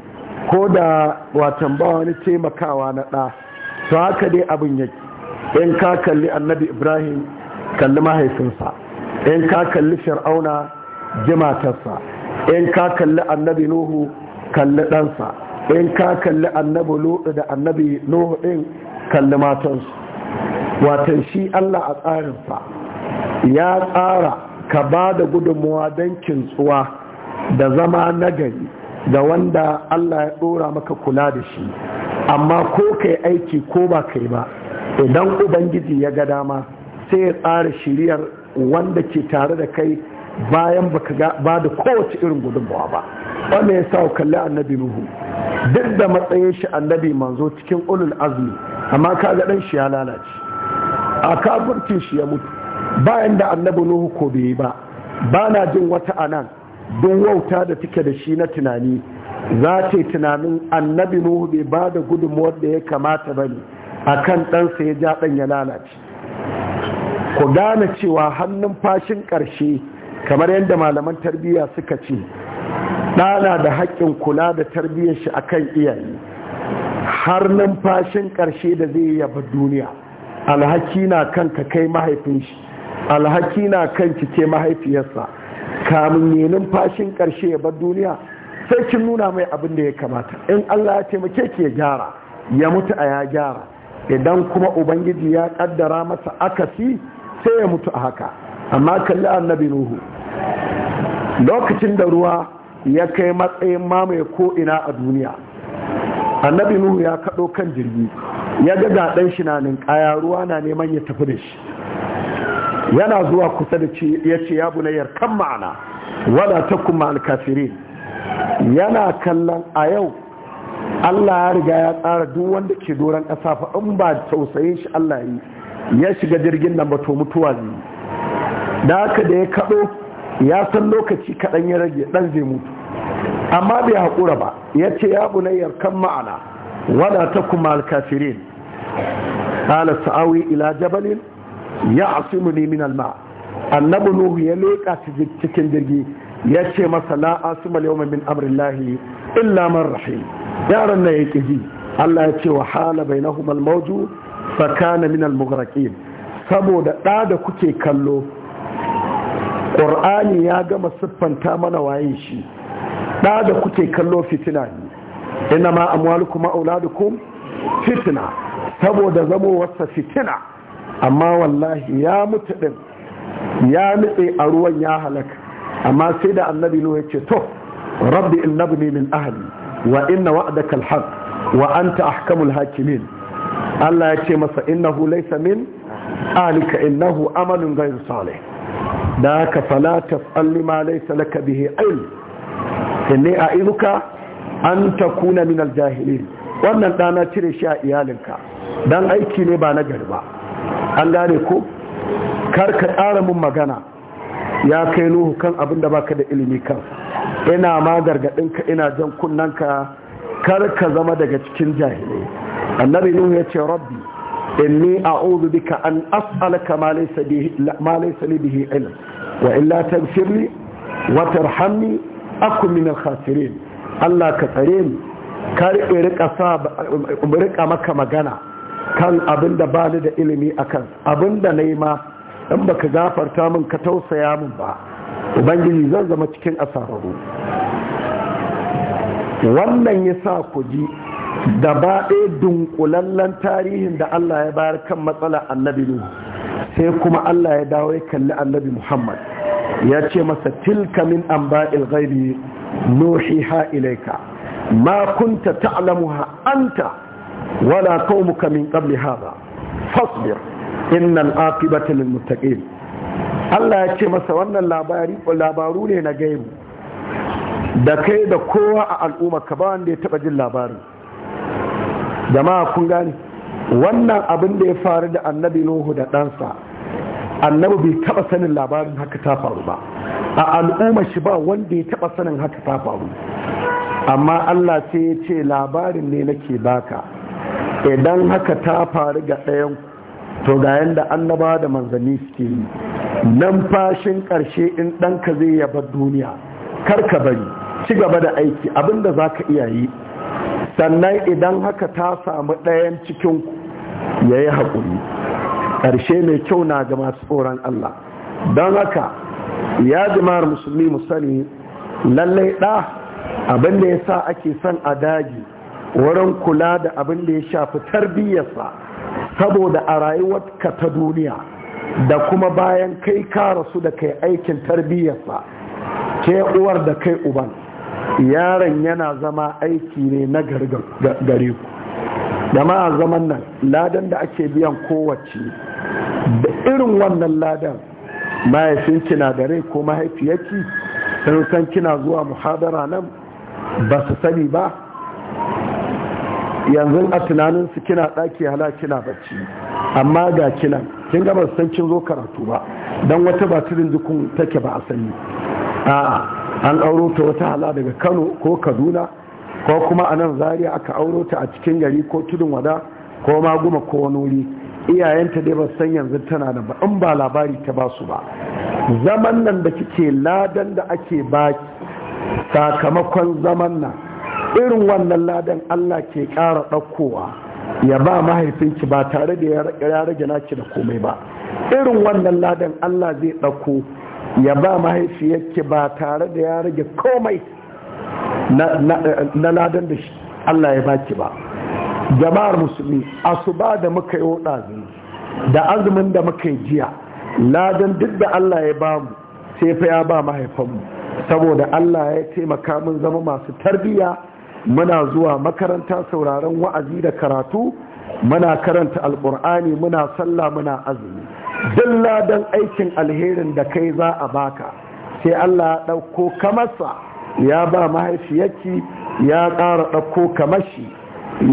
ko da watan ba wani taimakawa na ɗa to haka dai abin yake in ka kalli annabi ibrahim kalli mahaifinsa in ka kalli fir'auna Jimatarsa in ka kalli annabi nuhu kalli ɗansa in ka kalli annabi lodi da annabi nuhu ɗin kalli matansu watan shi allah a tsarinsa ya tsara ka ba da gudunmuwa don kintsuwa da zama nagari da wanda allah ya ɗora maka kula da shi amma ko kai aiki ko ba kai ba idan ubangiji ya ga dama sai ya tsara shiriyar wanda ke tare da kai bayan baka ba da kowace irin gudunmawa ba wanda ya sa kalli annabi nuhu duk da matsayin shi annabi manzo cikin ulul azmi amma ga dan shi ya lalace a kafircin shi ya mutu bayan da annabi nuhu ko bai ba ba na jin wata anan don wauta da take da shi na tunani za ta yi tunanin annabi nuhu bai ba da gudunmawar da ya kamata ba ne a kan ɗansa ya ja ɗan ya lalace ku gane cewa hannun fashin ƙarshe kamar yadda malaman tarbiyya suka ce ɗana da haƙƙin kula da tarbiyyar shi akan iyaye har numfashin ƙarshe da zai yaba duniya alhaki na kan ka kai mahaifin shi alhaki na kan cike mahaifiyarsa kamun yi numfashin ƙarshe ya bar duniya sai kin nuna mai abin da ya kamata in Allah ya taimake ki ya gyara ya mutu a ya gyara idan kuma ubangiji ya kaddara masa akasi sai ya mutu a haka amma kalli annabi nuhu lokacin da ruwa ya kai matsayin mamaye ko'ina a duniya annabi nuhu ya kaɗo kan jirgi ya ga zaɓen shi na ninkaya ruwa na neman ya tafi da shi yana zuwa kusa da ya ce ya bunayyar kan ma'ana wada ta kuma alkafiri yana kallon a yau Allah ya riga ya tsara duk wanda ke doron ƙasa fa in ba tausayin shi Allah yi ya shiga jirgin nan ba to mutuwa ne da haka da ya kaɗo ya san lokaci kaɗan ya rage ɗan zai mutu amma bai haƙura ba ya ce ya bunayyar kan ma'ana wada ta kuma alkafirin ala sa'awi ila jabalin ya asimu ne min alma annabu nuhu ya leƙa cikin jirgi ya ce masa la asima yawma min amrillahi illa man rahim yaran na ya ƙiji Allah ya ce wa hala na almawju fa kana min almughraqin saboda ɗa da kuke kallo ƙur'ani ya gama siffanta mana waye shi ɗa da kuke kallo fitina ne ina ma amwalukum auladukum fitina saboda zamowarsa fitina amma wallahi ya mutu ɗin ya nutse a ruwan ya halaka amma sai da annabi nuhu ya ce to rabbi in innabni min ahli wa inna wa'daka alhaq wa anta ahkamul hakimin Allah ya ce masa innahu laysa min ahlika innahu amalun ghayr salih da haka fala tsalli ma laisa laka bihi Sannan a iluka an takuna min al wannan dana cire shi a iyalinka dan aiki ne ba na gari ba an gane ko kar ka ƙara mun magana ya kai nuhu kan abin da baka da ilimi kan ina ma ka ina jan kunnanka kar ka zama daga cikin jahilai annabi nuhu ya ce rabbi inni a'udhu bika an as'alaka ma laysa bihi ma laysa bihi ilm wa illa taghfirli wa tarhamni akun min al-khasirin Allah ka tsare ni ka rika sa rika maka magana kan abin da bani da ilimi akan abin da nayi ma in baka gafarta min ka tausaya min ba ubangiji zan zama cikin asararu wannan ya sa ku ji Da ba ɗaya dunkulallen tarihin da Allah ya bayar kan matsala annabi ne sai kuma Allah ya dawo ya kalli annabi Muhammad ya ce masa tilka min an amba'il ghaibi ha ilaika ma kunta ta'lamuha anta wala qaumuka min qabli hadha fasbir innal aqibata lil muttaqin Allah ya ce masa wannan labari ko labaru ne na gaibu da kai da kowa a al'umma ka ba wanda ya taɓa jin labarin jama'a kun gane wannan abin da ya faru da annabi nuhu da ɗansa annabi bai taɓa sanin labarin haka ta faru ba a al'umma shi ba wanda ya taɓa sanin haka ta faru amma allah sai ya ce labarin ne nake baka idan haka ta faru ga ɗayan to ga yadda annaba da manzanni suke yi fashin ƙarshe in ɗanka zai yaba duniya kar ka bari ci gaba da aiki abinda za ka iya yi sannan idan haka ta samu ɗayan cikin ya yi haƙuri ƙarshe mai kyau na ga masu tsoron Allah don haka ya jimar musulmi sani lallai ɗa abinda da ya sa ake son a daji wurin kula da abinda ya shafi tarbiyyarsa saboda a rayuwar ka ta duniya da kuma bayan kai ka rasu da kai aikin tarbiyyarsa ke uwar da kai uban yaron yana zama aiki ne na gare ku a zaman nan ladan da ake biyan kowace da irin wannan ladan mahaifin na da rai ko mahaifiyarki sun san kina zuwa muhadara nan ba su sani ba yanzu a tunaninsu kina ɗaki hala kina bacci amma ga kina kin gaba san kin zo karatu ba don wata ba turin take ba a sani a'a an auro ta wata hala daga kano ko kaduna ko kuma a nan zaria aka auro ta a cikin gari ko tudun wada ko maguma ko wani iyayenta dai ba san yanzu tana da ba in ba labari ta ba su ba zaman nan da kike ladan da ake ba sakamakon zaman nan irin wannan ladan Allah ke kara ɗaukowa ya ba mahaifinki ba tare da ya rage naki da komai ba irin wannan ladan Allah zai ɗauko ya ba mahaifiyarki ba tare da ya rage komai na ladan da shi, Allah ya baki ba jama'ar musulmi asuba da muka yi ɗazu da azumin da muka yi jiya ladan duk da Allah ya bamu sai fa ya ba mahaifanmu saboda Allah ya taimaka mun zama masu tarbiyya muna zuwa makaranta sauraron wa'azi da karatu muna karanta alkur'ani muna sallah muna azumi dalla don aikin alherin da kai za a baka sai Allah ya ɗauko kamarsa ya ba mahaifiyarki ya ƙara ɗauko kamashi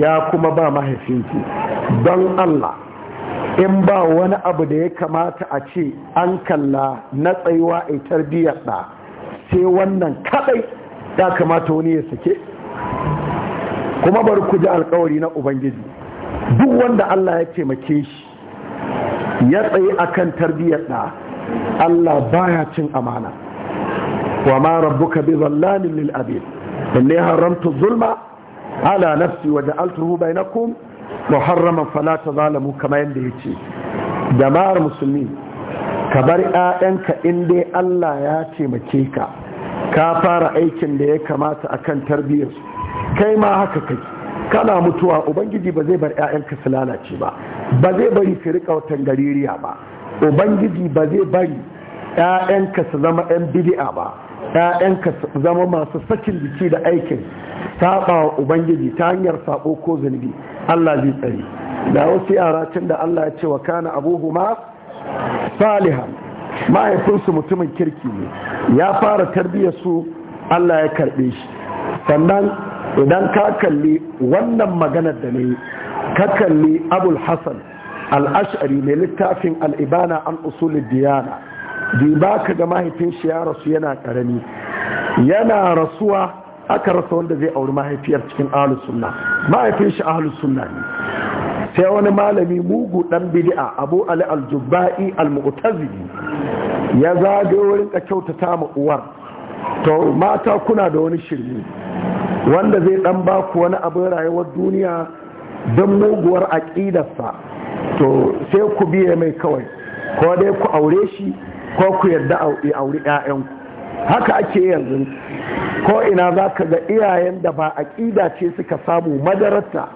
ya kuma ba mahaifinki don Allah in ba wani abu da ya kamata a ce an kalla na tsayuwa a tarbiyyar ɗa sai wannan kaɗai ya kamata wani ya sake kuma bari ku ji alkawari na ubangiji duk wanda Allah ya taimake shi ya tsaye akan tarbiyyar ɗa Allah baya cin amana wa ma rabbuka bi zallamin lil abid inni haramtu zulma ala nafsi wa ja'altuhu bainakum muharraman fala tazalamu kama yanda yace jama'ar musulmi ka bar ƴaƴanka in dai Allah ya taimake ka ka fara aikin da ya kamata akan tarbiyyar kai ma haka kake kana mutuwa ubangiji ba zai bar 'ya'yanka su lalace ba ba zai bari ka rika tangaririya ba ubangiji ba zai bari 'ya'yanka su zama 'yan bidi'a ba 'ya'yanka su zama masu sakin jiki da aikin saba wa ubangiji ta hanyar sabo ko zunubi Allah zai tsari da wasu yara tun da Allah ya ce wa kana abuhuma salihan mahaifinsu mutumin kirki ne ya fara tarbiyyar su Allah ya karbe shi sannan idan ka kalli wannan maganar da ne ka kalli abul hassan al'ashari mai littafin al'ibana an usulun diyana ba ka ga mahaifin shi ya rasu yana karami yana rasuwa aka rasa wanda zai auri mahaifiyar cikin ahlus sunna mahaifin shi sunna ne sai wani malami mugu dan bid'a abu ali al-jubba'i al ya zagayo ka kyautata ma uwar to mata kuna da wani shirme wanda zai dan baku wani abin rayuwar duniya don muguwar aƙidarsa to sai ku biya mai kawai ko dai ku aure shi ko ku yarda a aure 'ya'yanku haka ake yanzu ko ina za ka ga iyayen da ba aƙida ce suka samu madararta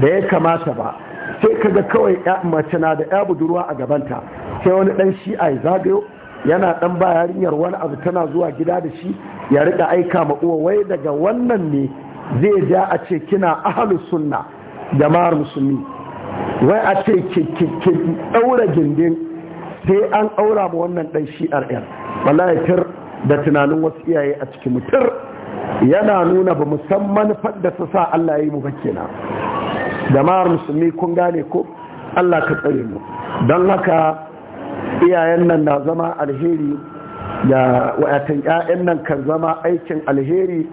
da ya kamata ba sai ka ga kawai mace na da ya budurwa a gabanta sai wani ɗan shi'a zagayo yana dan ba yarinyar wani abu tana zuwa gida da shi ya rika aika ma uwa wai daga wannan ne zai ja a ce kina ahlus sunna jama'ar musulmi wai a ce ki daura gindin sai an aura ma wannan dan shi rr wallahi tir da tunanin wasu iyaye a cikin mutur yana nuna ba musamman fadda su sa Allah ya yi mu ba kenan jama'ar musulmi kun gane ko Allah ka tsare mu don haka iyayen nan na zama alheri da wayatan 'ya'yan nan kan zama aikin alheri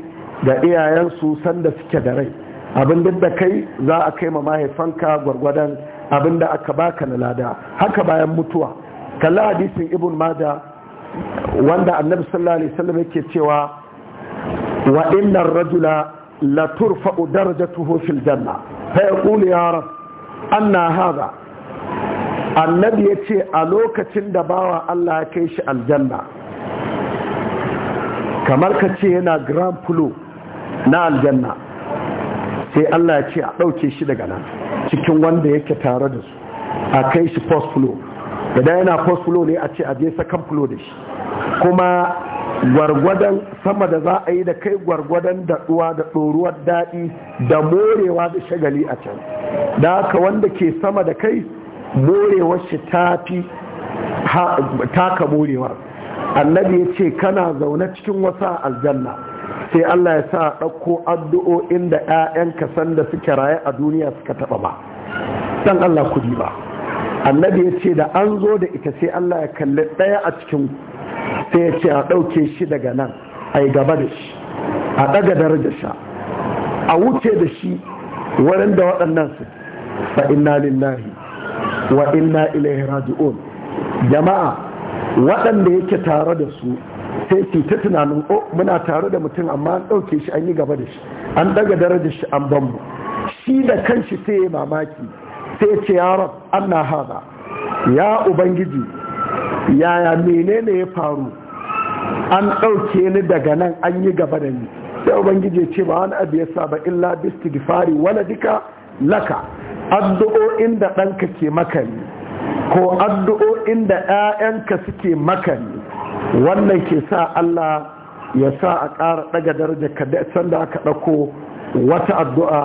ga iyayensu sanda suke da rai abin duk da kai za a kai ma mahaifanka gwargwadon abin da aka baka na lada haka bayan mutuwa kalla hadisin ibn mada wanda annabi sallallahu alaihi wasallam yake cewa wa rajula la turfa'u darajatuhu fil janna fa yaqulu ya rab anna hadha annabi ya ce a lokacin da bawa Allah ya kai shi aljanna kamar ka ce yana grand pulo na aljanna sai Allah ya ce a ɗauke shi daga nan cikin wanda yake tare da su a kai shi post pulo idan yana post pulo ne a ce a je sakan pulo da shi kuma gwargwadon sama da za a yi da kai gwargwadon daɗuwa da ɗoruwar daɗi da morewa da shagali a can da aka wanda ke sama da kai morewar shi ta fi taka morewa annabi ya ce kana zaune cikin wasa aljanna sai Allah ya sa ɗauko addu'o'in da 'ya'yanka sanda suke raye a duniya suka taɓa ba don Allah kudi ba annabi ya ce da an zo da ita sai Allah ya kalli ɗaya a cikin sai ya ce a ɗauke shi daga nan a yi gaba da shi a ɗaga sha. a wuce da shi wurin waɗannan su fa na lillahi wa inna ilaihi raji'un jama'a waɗanda yake tare da su sai su ta tunanin o oh, muna tare da mutum amma an ɗauke shi an yi gaba da shi an daga darajar shi an bambu shi da kanshi sai ya mamaki sai ya ce ya rab anna haza ya ubangiji yaya menene ya faru an ɗauke ni daga nan an yi gaba da ni sai ubangiji ya ce ba wani abu ya saba illa bisti wala dika laka addu'o'in da ɗanka ke makani ko addu'o'in da ‘ya'yanka suke makani wannan ke sa Allah ya sa a ƙara ɗaga daraja kada sanda aka ɗauko wata addu'a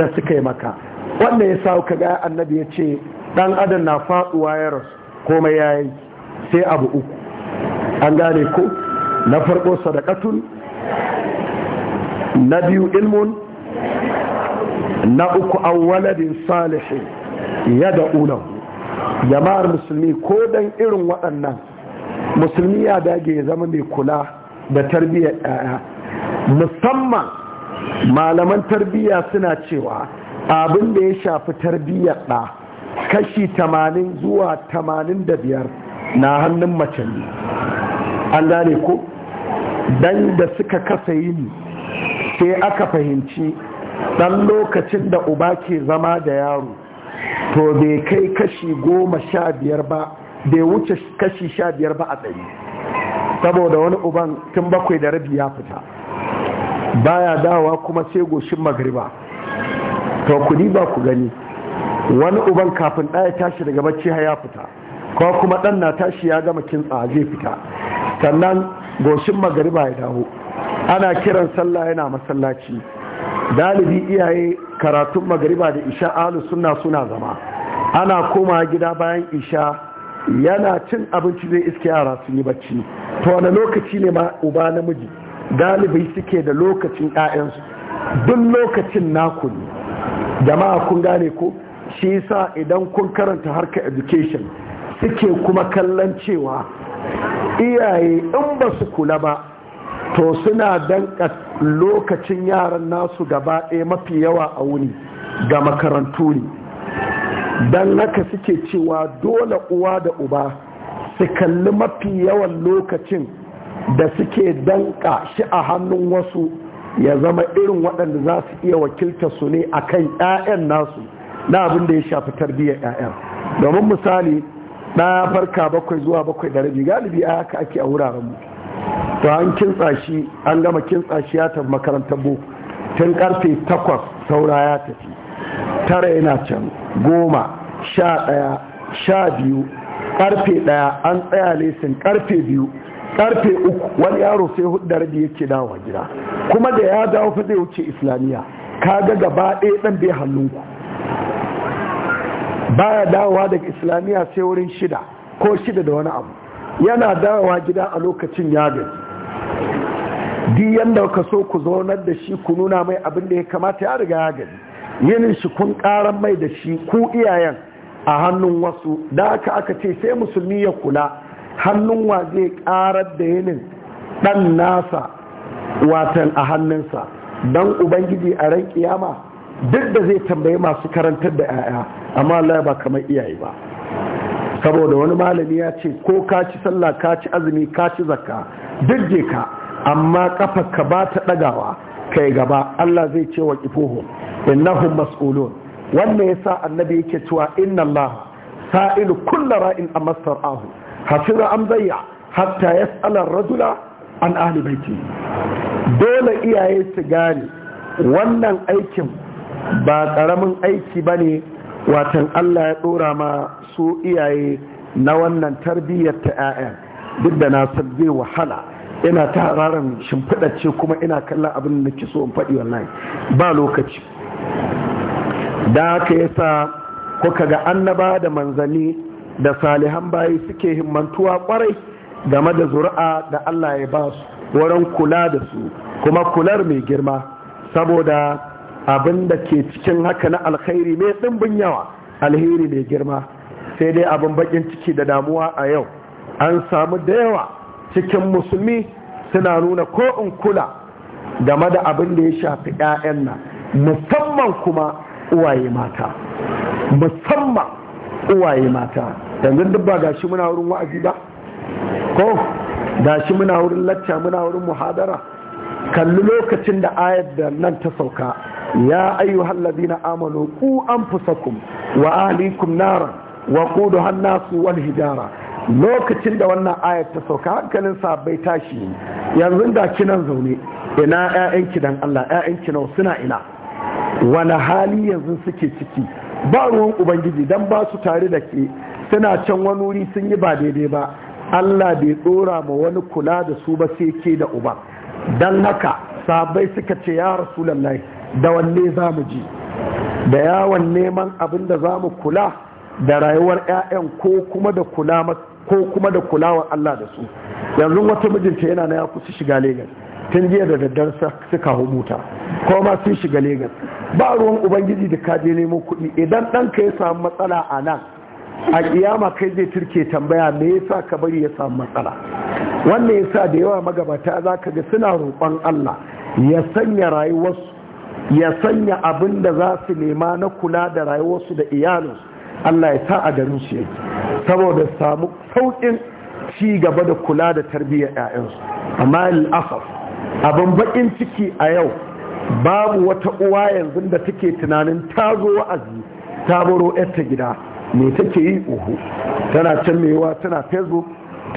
da suka yi maka wannan ya sa ka ga annabi ya ce ɗan adam na faɗuwa ya rasu komai ya yi sai abu uku an gane ko na farko sadakatun na biyu ilmun na uku an waladin salihin ya da ulan jama'ar musulmi ko dan irin waɗannan musulmi ya dage ya zama mai kula da tarbiyyar ɗaya musamman malaman tarbiyya suna cewa abin da ya shafi tarbiyyar ɗa kashi tamanin zuwa biyar na hannun mace ne an gane ko dan da suka kasa yini sai aka fahimci dan lokacin da uba ke zama da yaro to bai kai kashi goma sha biyar ba bai wuce kashi sha biyar ba a tsari saboda wani uban tun bakwai da rabi ya fita baya dawa kuma sai goshin magriba to kudi ba ku gani wani uban kafin ɗaya tashi daga bacci ya fita ko kuma ɗan na tashi ya gama kintsa zai fita sannan goshin magariba ya dawo ana kiran sallah yana masallaci Dalibi, iyaye karatun magariba da isha alu suna suna zama ana koma gida bayan isha yana cin abinci zai iske yara sun yi bacci to wani lokaci ne ma uba namiji galibi suke da lokacin 'ya'yansu duk lokacin naku ne jama'a kun gane ko shi yasa idan kun karanta harka education suke kuma kallon cewa iyaye in ba su kula ba to suna danka lokacin yaran nasu gaba ɗaya mafi yawa a wuni ga makarantu ne don haka suke cewa dole uwa da uba su kalli mafi yawan lokacin da suke danka shi a hannun wasu ya zama irin waɗanda za su iya wakilta su ne a kan 'ya'yan nasu na abin da ya shafi tarbiyyar 'ya'yan domin misali na farka bakwai zuwa bakwai da rabi galibi a haka ake a wuraren mutu to an kintsa shi an gama kintsa shi ya tafi makarantar boko tun karfe takwas saura ya tafi tara yana can goma sha ɗaya sha biyu karfe ɗaya an tsaya lesin karfe biyu karfe uku wani yaro sai hudu da rabi yake dawa gida kuma da ya dawo fa zai wuce islamiyya ka ga gaba ɗaya ɗan bai hannunku baya dawowa daga islamiyya sai wurin shida ko shida da wani abu yana dawowa gida a lokacin ya gaji duk yadda ka so ku zaunar da shi ku nuna mai abin da ya kamata ya riga ya gaji yinin shi kun karan mai da shi ku iyayen a hannun wasu da aka aka ce sai musulmi ya kula hannun wa zai karar da yinin dan nasa watan a hannunsa don ubangiji a ran kiyama duk da zai tambayi masu karantar da 'ya'ya amma Allah ya ba kamar iyaye ba saboda wani malami ya ce ko ka ci sallah ka ci azumi ka ci zakka dirje ka amma kafa ka ba ta dagawa kai gaba Allah zai ce wa kifuhu innahum mas'ulun wannan yasa annabi yake cewa inna Allah sa'ilu kullu ra'in amastar'ahu hasira am zayya hatta yas'ala ar-rajula an ahli baiti dole iyaye su gane wannan aikin ba karamin aiki bane watan Allah ya ɗora ma su iyaye na wannan tarbiyyar ta 'ya'yan duk da na san zai wahala ina ta hararin shimfiɗace kuma ina kallon abin da nake so in faɗi wallahi ba lokaci da haka yasa kuka ga annaba da manzani da salihan bayi suke himmantuwa kwarai game da zuri'a da Allah ya ba su wurin kula da su kuma kular mai girma saboda abin da ke cikin haka na alkhairi mai ɗimbin yawa alheri mai girma sai dai abin bakin ciki da damuwa a yau an samu da yawa cikin musulmi suna nuna ko in kula game da abin da ya shafi 'ya'yan nan musamman kuma uwaye mata musamman uwaye mata yanzu duk ba ga muna wurin wa'azi ba ko ga muna wurin lacca muna wurin muhadara kalli lokacin da ayar da nan ta sauka ya ayyuhal na amanu ku fusakun wa ahlikum nara wa kudu hannu nasu wal hijara lokacin da wannan ayar ta sauka hankalin sabai tashi yanzu da kinan zaune ina ƴaƴanki dan Allah ƴaƴanki nawa suna ina wani hali yanzu suke ciki ba ruwan ubangiji dan ba su tare da ke suna can wani wuri sun yi ba daidai ba Allah bai tsora ma wani kula da su ba sai ke da uba Dan haka sabai suka ce ya rasulallah da wanne za mu ji da yawon neman abin da za mu kula da rayuwar 'ya'yan ko kuma da kulawa Allah da su yanzu wata mijinta yana na ya kusa shiga Legas tun jiya da daddar suka hubuta ko ma sun shiga Legas ba ruwan ubangiji da kaje nemo kuɗi idan ɗanka ya samu matsala a nan a kiyama kai zai turke tambaya me yasa ka bari ya samu matsala wannan yasa da yawa magabata za ka ga suna roƙon Allah ya sanya rayuwarsu ya sanya abin da za su nema na kula da rayuwarsu da iyalus Allah ya sa a garin shi yake saboda samu sauƙin ci gaba da kula da tarbiyyar 'ya'yansu amma al'asaf abin bakin ciki a yau babu wata uwa yanzu da take tunanin ta zo wa'azi ta baro 'yarta gida me take yi uhu tana can mewa tana facebook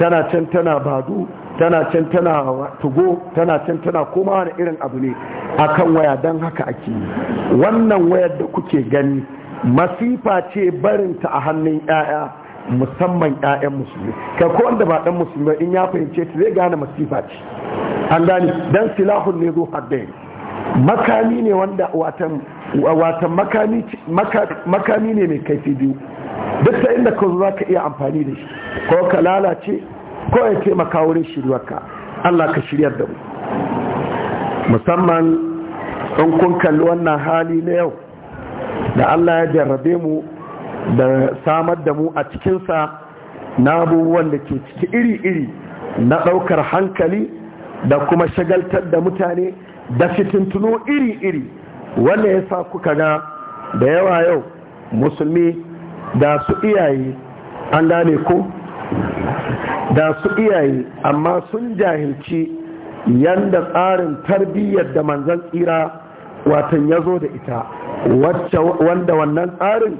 tana can tana badu tana can tana tugo tana can tana koma wani irin abu ne a kan waya don haka ake wannan wayar da kuke gani masifa ce barinta a hannun 'ya'ya musamman 'ya'yan musulmi ka ko wanda ba dan musulmi in ya fahimce ta zai gane masifa ce an gani dan silahun ne zo haddain makami ne wanda watan makami ne mai kaifi biyu duk da inda ka zo za ka iya amfani da shi ko ka lalace ko ya taimaka wurin shiryarka Allah ka shiryar da mu musamman in kun kalli wannan hali na yau da Allah ya jarrabe mu da samar da mu a cikinsa na abubuwan da ke ciki iri-iri na ɗaukar hankali da kuma shagaltar da mutane da fitintuno iri-iri wanda ya sa kuka ga da yawa yau musulmi da su iyaye an dane ko da su iyaye amma sun jahilci yanda tsarin tarbiyyar da manzan tsira watan ya zo da ita wanda wannan tsarin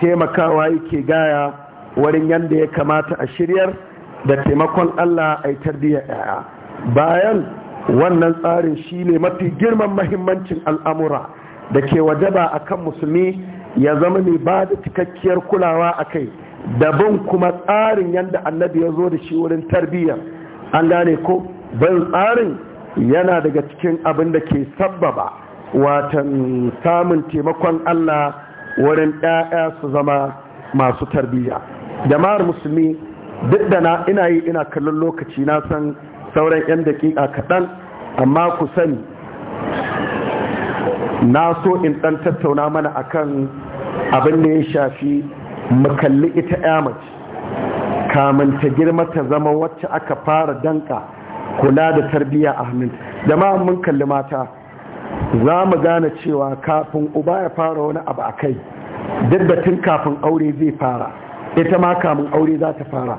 taimakawa yake gaya wurin yanda ya kamata a shiryar da taimakon Allah a yi tarbiyyar yaya. bayan wannan tsarin shi ne mafi girman mahimmancin al'amura da ke wajaba a kan musulmi ya zama mai ba da cikakkiyar kulawa a kai daban kuma tsarin yadda annabi ya zo da shi wurin tarbiyya an gane ko ban tsarin yana daga cikin abin da ke sabbaba watan samun taimakon allah wurin ɗaya su zama masu tarbiyya jama'ar musulmi duk da na ina yi ina kallon lokaci na san sauran 'yan daƙiƙa kaɗan amma ku sani na so in ɗan tattauna mana akan abin da ya shafi makalli ita yamaci kamun ta girma ta zama wacce aka fara danka kula da tarbiyya a hannun da ma mun kalli mata za mu gane cewa kafin uba ya fara wani abu a kai tun kafin aure zai fara ita ma kamun aure za ta fara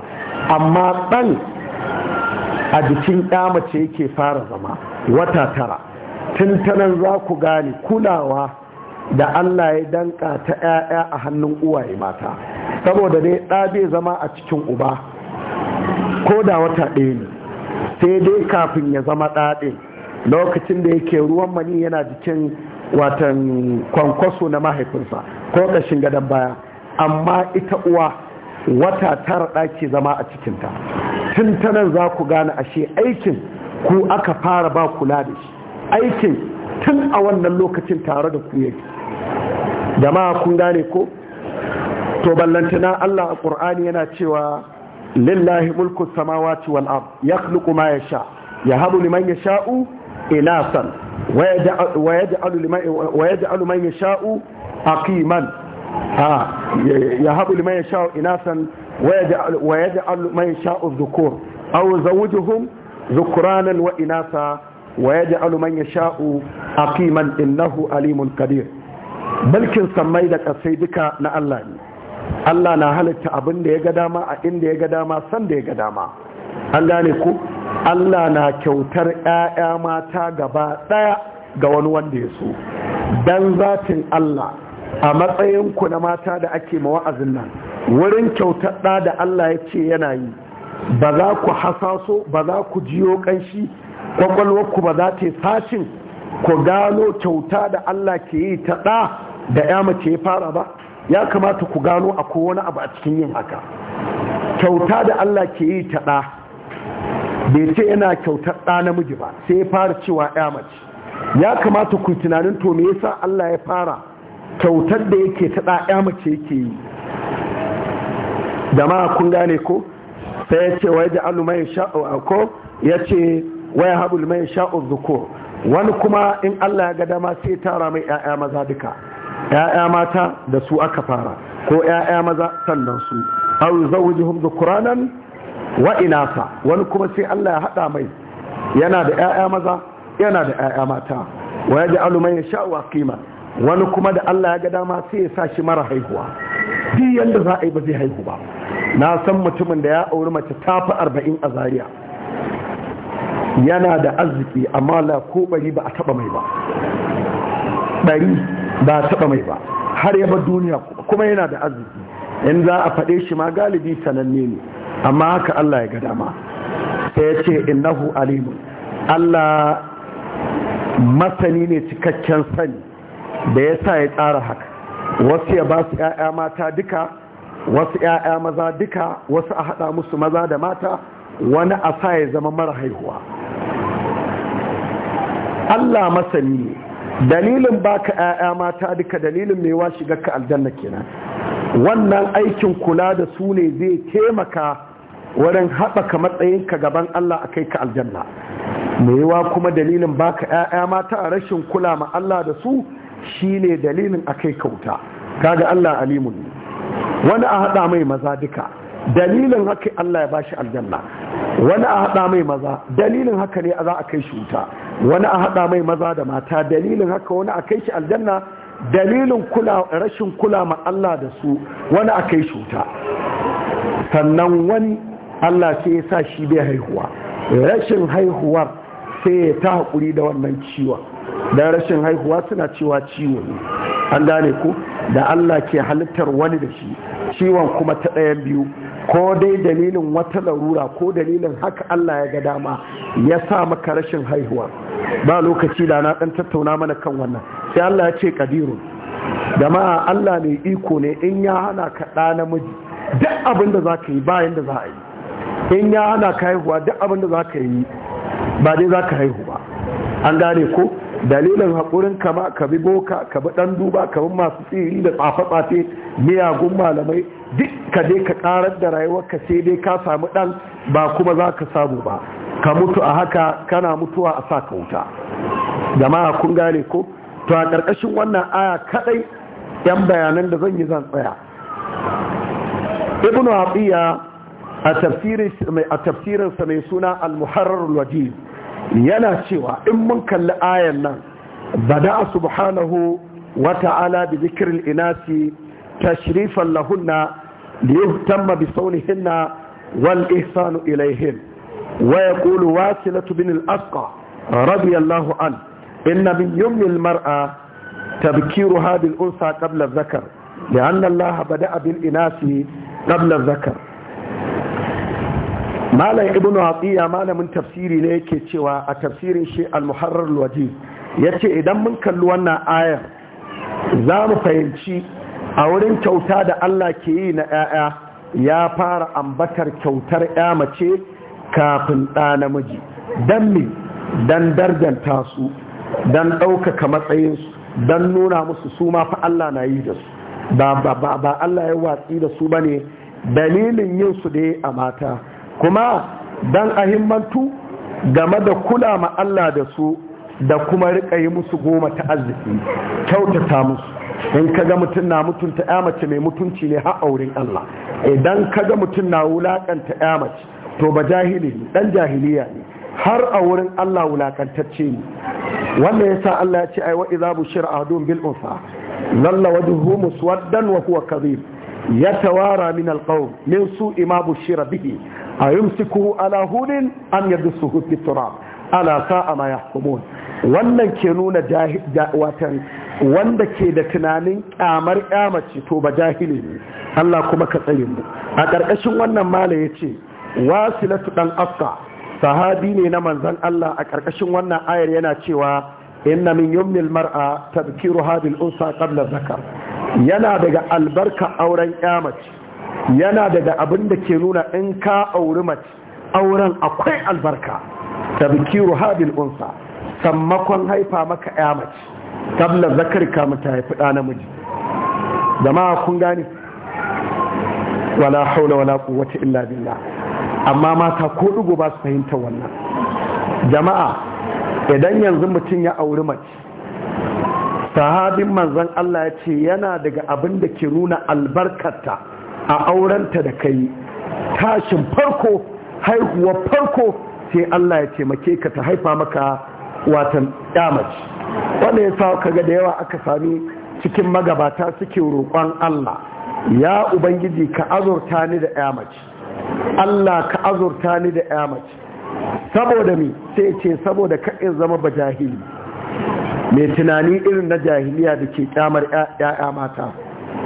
amma ɗan a jikin mace yake fara zama wata tara tun tanan za ku gane kulawa da Allah ya danka ta 'ya'ya a hannun uwaye mata saboda dai ɗa zama a cikin uba ko da wata ɗaya ne sai dai kafin ya zama ɗaɗe lokacin da yake ruwan mani yana jikin watan kwankwaso na mahaifinsa ko ƙashin gadon baya amma ita uwa wata tara ɗaki zama a cikinta tun tanan za ku gane ashe aikin ku aka fara ba kula da shi aikin tun a wannan lokacin tare da ku yake jama'a kun gane ko to ballantana Allah a Qur'ani yana cewa lillahi mulku samawati wal ard yakhluqu ma yasha yahabu liman yasha'u inasan wa yaj'alu liman wa yaj'alu man yasha'u aqiman ha yahabu liman yasha'u inasan wa yaj'alu man yasha'u dhukur aw zawjuhum dhukranan wa inasa wa yaj'alu sha'u a kiman innahu alimun kadir balkin sammai da kasai duka na Allah ne Allah na halitta abin da ya ga dama a inda ya ga dama san da ya ga dama an gane ku Allah na kyautar 'ya'ya mata gaba ɗaya ga wani wanda ya so dan zatin Allah a matsayinku na mata da ake mawa'azin nan wurin kyautar ɗa da Allah ya ce yana yi ba za ku hasaso ba za ku jiyo ƙanshi kwakwalwarku ba za ta sashin ku gano kyauta da Allah ke yi ta ɗa da ya mace ya fara ba ya kamata ku gano a wani abu a cikin yin haka kyauta da Allah ke yi ta ɗa bai ce yana kyautar ɗa namiji ba sai ya fara cewa ya mace ya kamata ku tunanin to me yasa Allah ya fara kyautar da yake ta ɗa ya mace yake yi da ma kun gane ko sai ya ce wa ya ji alumai sha'awa ko ya ce wa habu mai yasha'u dhukur wani kuma in Allah ya ga dama sai tara mai ƴaƴa maza duka ƴaƴa mata da su aka fara ko ƴaƴa maza sannan su aw yuzawwijuhum dhukuranan wa inasa wani kuma sai Allah ya hada mai yana da ƴaƴa maza yana da ƴaƴa mata wa yaj'alu Sha'u yasha'u aqima wani kuma da Allah ya ga dama sai ya sa shi mara haihuwa duk yanda za a yi ba zai haihu ba na san mutumin da ya auri mace ta fi arba'in a zaria yana da arziki amma la ko bari ba a taba mai ba bari ba a taba mai ba har yaba duniya kuma yana da arziki in za a faɗe shi ma galibi sananne ne amma haka Allah ya ga dama sai ya ce innahu alimu Allah masani ne cikakken sani da ya sa ya tsara haka wasu ya ba su 'ya'ya mata duka wasu 'ya'ya maza duka wasu a haɗa musu maza da mata wani a sa ya zama mara haihuwa Allah masani dalilin baka ‘ya'ya mata duka dalilin mai wa shiga ka aljanna kenan wannan aikin kula da su ne zai taimaka wurin haɓaka matsayinka gaban Allah a kai ka aljanna mai wa kuma dalilin baka ‘ya'ya mata rashin kula ma Allah da su shi dalilin a kai kauta kaga Allah alimun wani a haɗa mai maza duka dalilin haka Allah ya bashi aljanna wani a haɗa mai maza dalilin haka ne za a kai shi wuta wani a haɗa mai maza da mata dalilin haka wani a kai shi aljanna dalilin rashin kula ma Allah da su wani a kai shuta sannan wani Allah sai ya sa shi bai haihuwa rashin haihuwar sai ya ta haƙuri da wannan ciwon don rashin haihuwa suna cewa ciwo ne an gane ku da Allah ke halittar wani da shi ciwon kuma ta ɗayan biyu ko dai dalilin wata larura ko dalilin haka Allah ya ga dama ya sa maka rashin haihuwa ba lokaci da na dan tattauna mana kan wannan sai Allah ya ce kadirun jama'a Allah mai iko ne in ya hana ka da namiji duk abin da zaka yi bayan da za a yi in ya hana ka haihuwa duk abin da zaka yi ba dai zaka haihu ba an gane ko dalilin haƙurin kama ka bi boka ka bi ɗan duba ka bi masu tsiri da tsafe-tsafe miyagun malamai duk ka dai ka karar da rayuwarka sai dai ka samu dan ba kuma za ka samu ba ka mutu a haka kana mutuwa a sa ka wuta jama'a kun gane ko to a ƙarƙashin wannan aya kadai yan bayanan da zan yi zan tsaya ibnu abiya a tafsirinsa mai suna al-muharrar wajib yana cewa in mun kalli ayan nan bada subhanahu wa ta'ala bi zikril inasi tashrifan lahunna liyuhtamma bi saunihinna wal ihsanu ilaihim wa yaqulu wasilatu bin al-asqa radiyallahu an inna min yumni al-mar'a تبكيرها بالأنثى قبل الذكر لأن الله بدأ بالإناث قبل الذكر malam ibnu atiya malamin tafsiri ne yake cewa a tafsirin shi al-muharrar ya ce idan mun kalli wannan ayar za mu fahimci a wurin kyauta da Allah ke yi na ‘ya'ya ya fara ambatar kyautar ‘ya mace kafin ɗa namiji don mi don darganta su don ɗaukaka matsayinsu don nuna musu su ma fa Allah na yi da su ba Allah ya watsi da su ba ne dalilin yin su da a mata kuma don a himmantu game da kula ma Allah da su da kuma riƙa yi musu goma ta arziki kyautata musu in kaga mutum na mutunta ya mace mai mutunci ne har auren Allah idan kaga mutum na wulakanta ya mace to ba jahili ne dan jahiliya ne har a wurin Allah wulakantacce ne wanda yasa Allah ya ce ai wa idza bushira adun bil unsa lalla wajhu muswaddan wa huwa kadhib yatawara min al qawm min su ima bushira bihi ayumsikuhu ala hulin am yadsuhu fi turab ala sa'a ma yahkumun wannan ke nuna watan wanda ke da tunanin kyamar kyamaci to ba jahili ne Allah kuma ka tsare mu a ƙarƙashin wannan mala ya ce wasilatu ɗan afka sahabi ne na manzan Allah a ƙarƙashin wannan ayar yana cewa inna min mil mar'a tadhkiru hadil unsa qabla zakar yana daga albarka auren kyamaci yana daga abin da ke nuna in ka auri mace auren akwai albarka tadhkiru hadil unsa sammakon haifa maka kyamaci kabla zakar mata ta haifi ɗa namiji zama kun gane wala haula wala kuwata illa billah amma mata ko dugo ba su fahimta wannan jama'a idan yanzu mutum ya auri mace sahabin manzon Allah ya ce yana daga abin da ke nuna albarkarta a aurenta da kai tashin farko haihuwar farko sai Allah ya ce taimake ka ta haifa maka watan damaci wanda ya sa kaga da yawa aka sami cikin magabata suke roƙon Allah ya ubangiji ka azurta ni da yamaci Allah ka azurta ni da yamaci saboda mi sai ce saboda in zama ba jahili mai tunani irin na jahiliya da ke kyamar ya'ya mata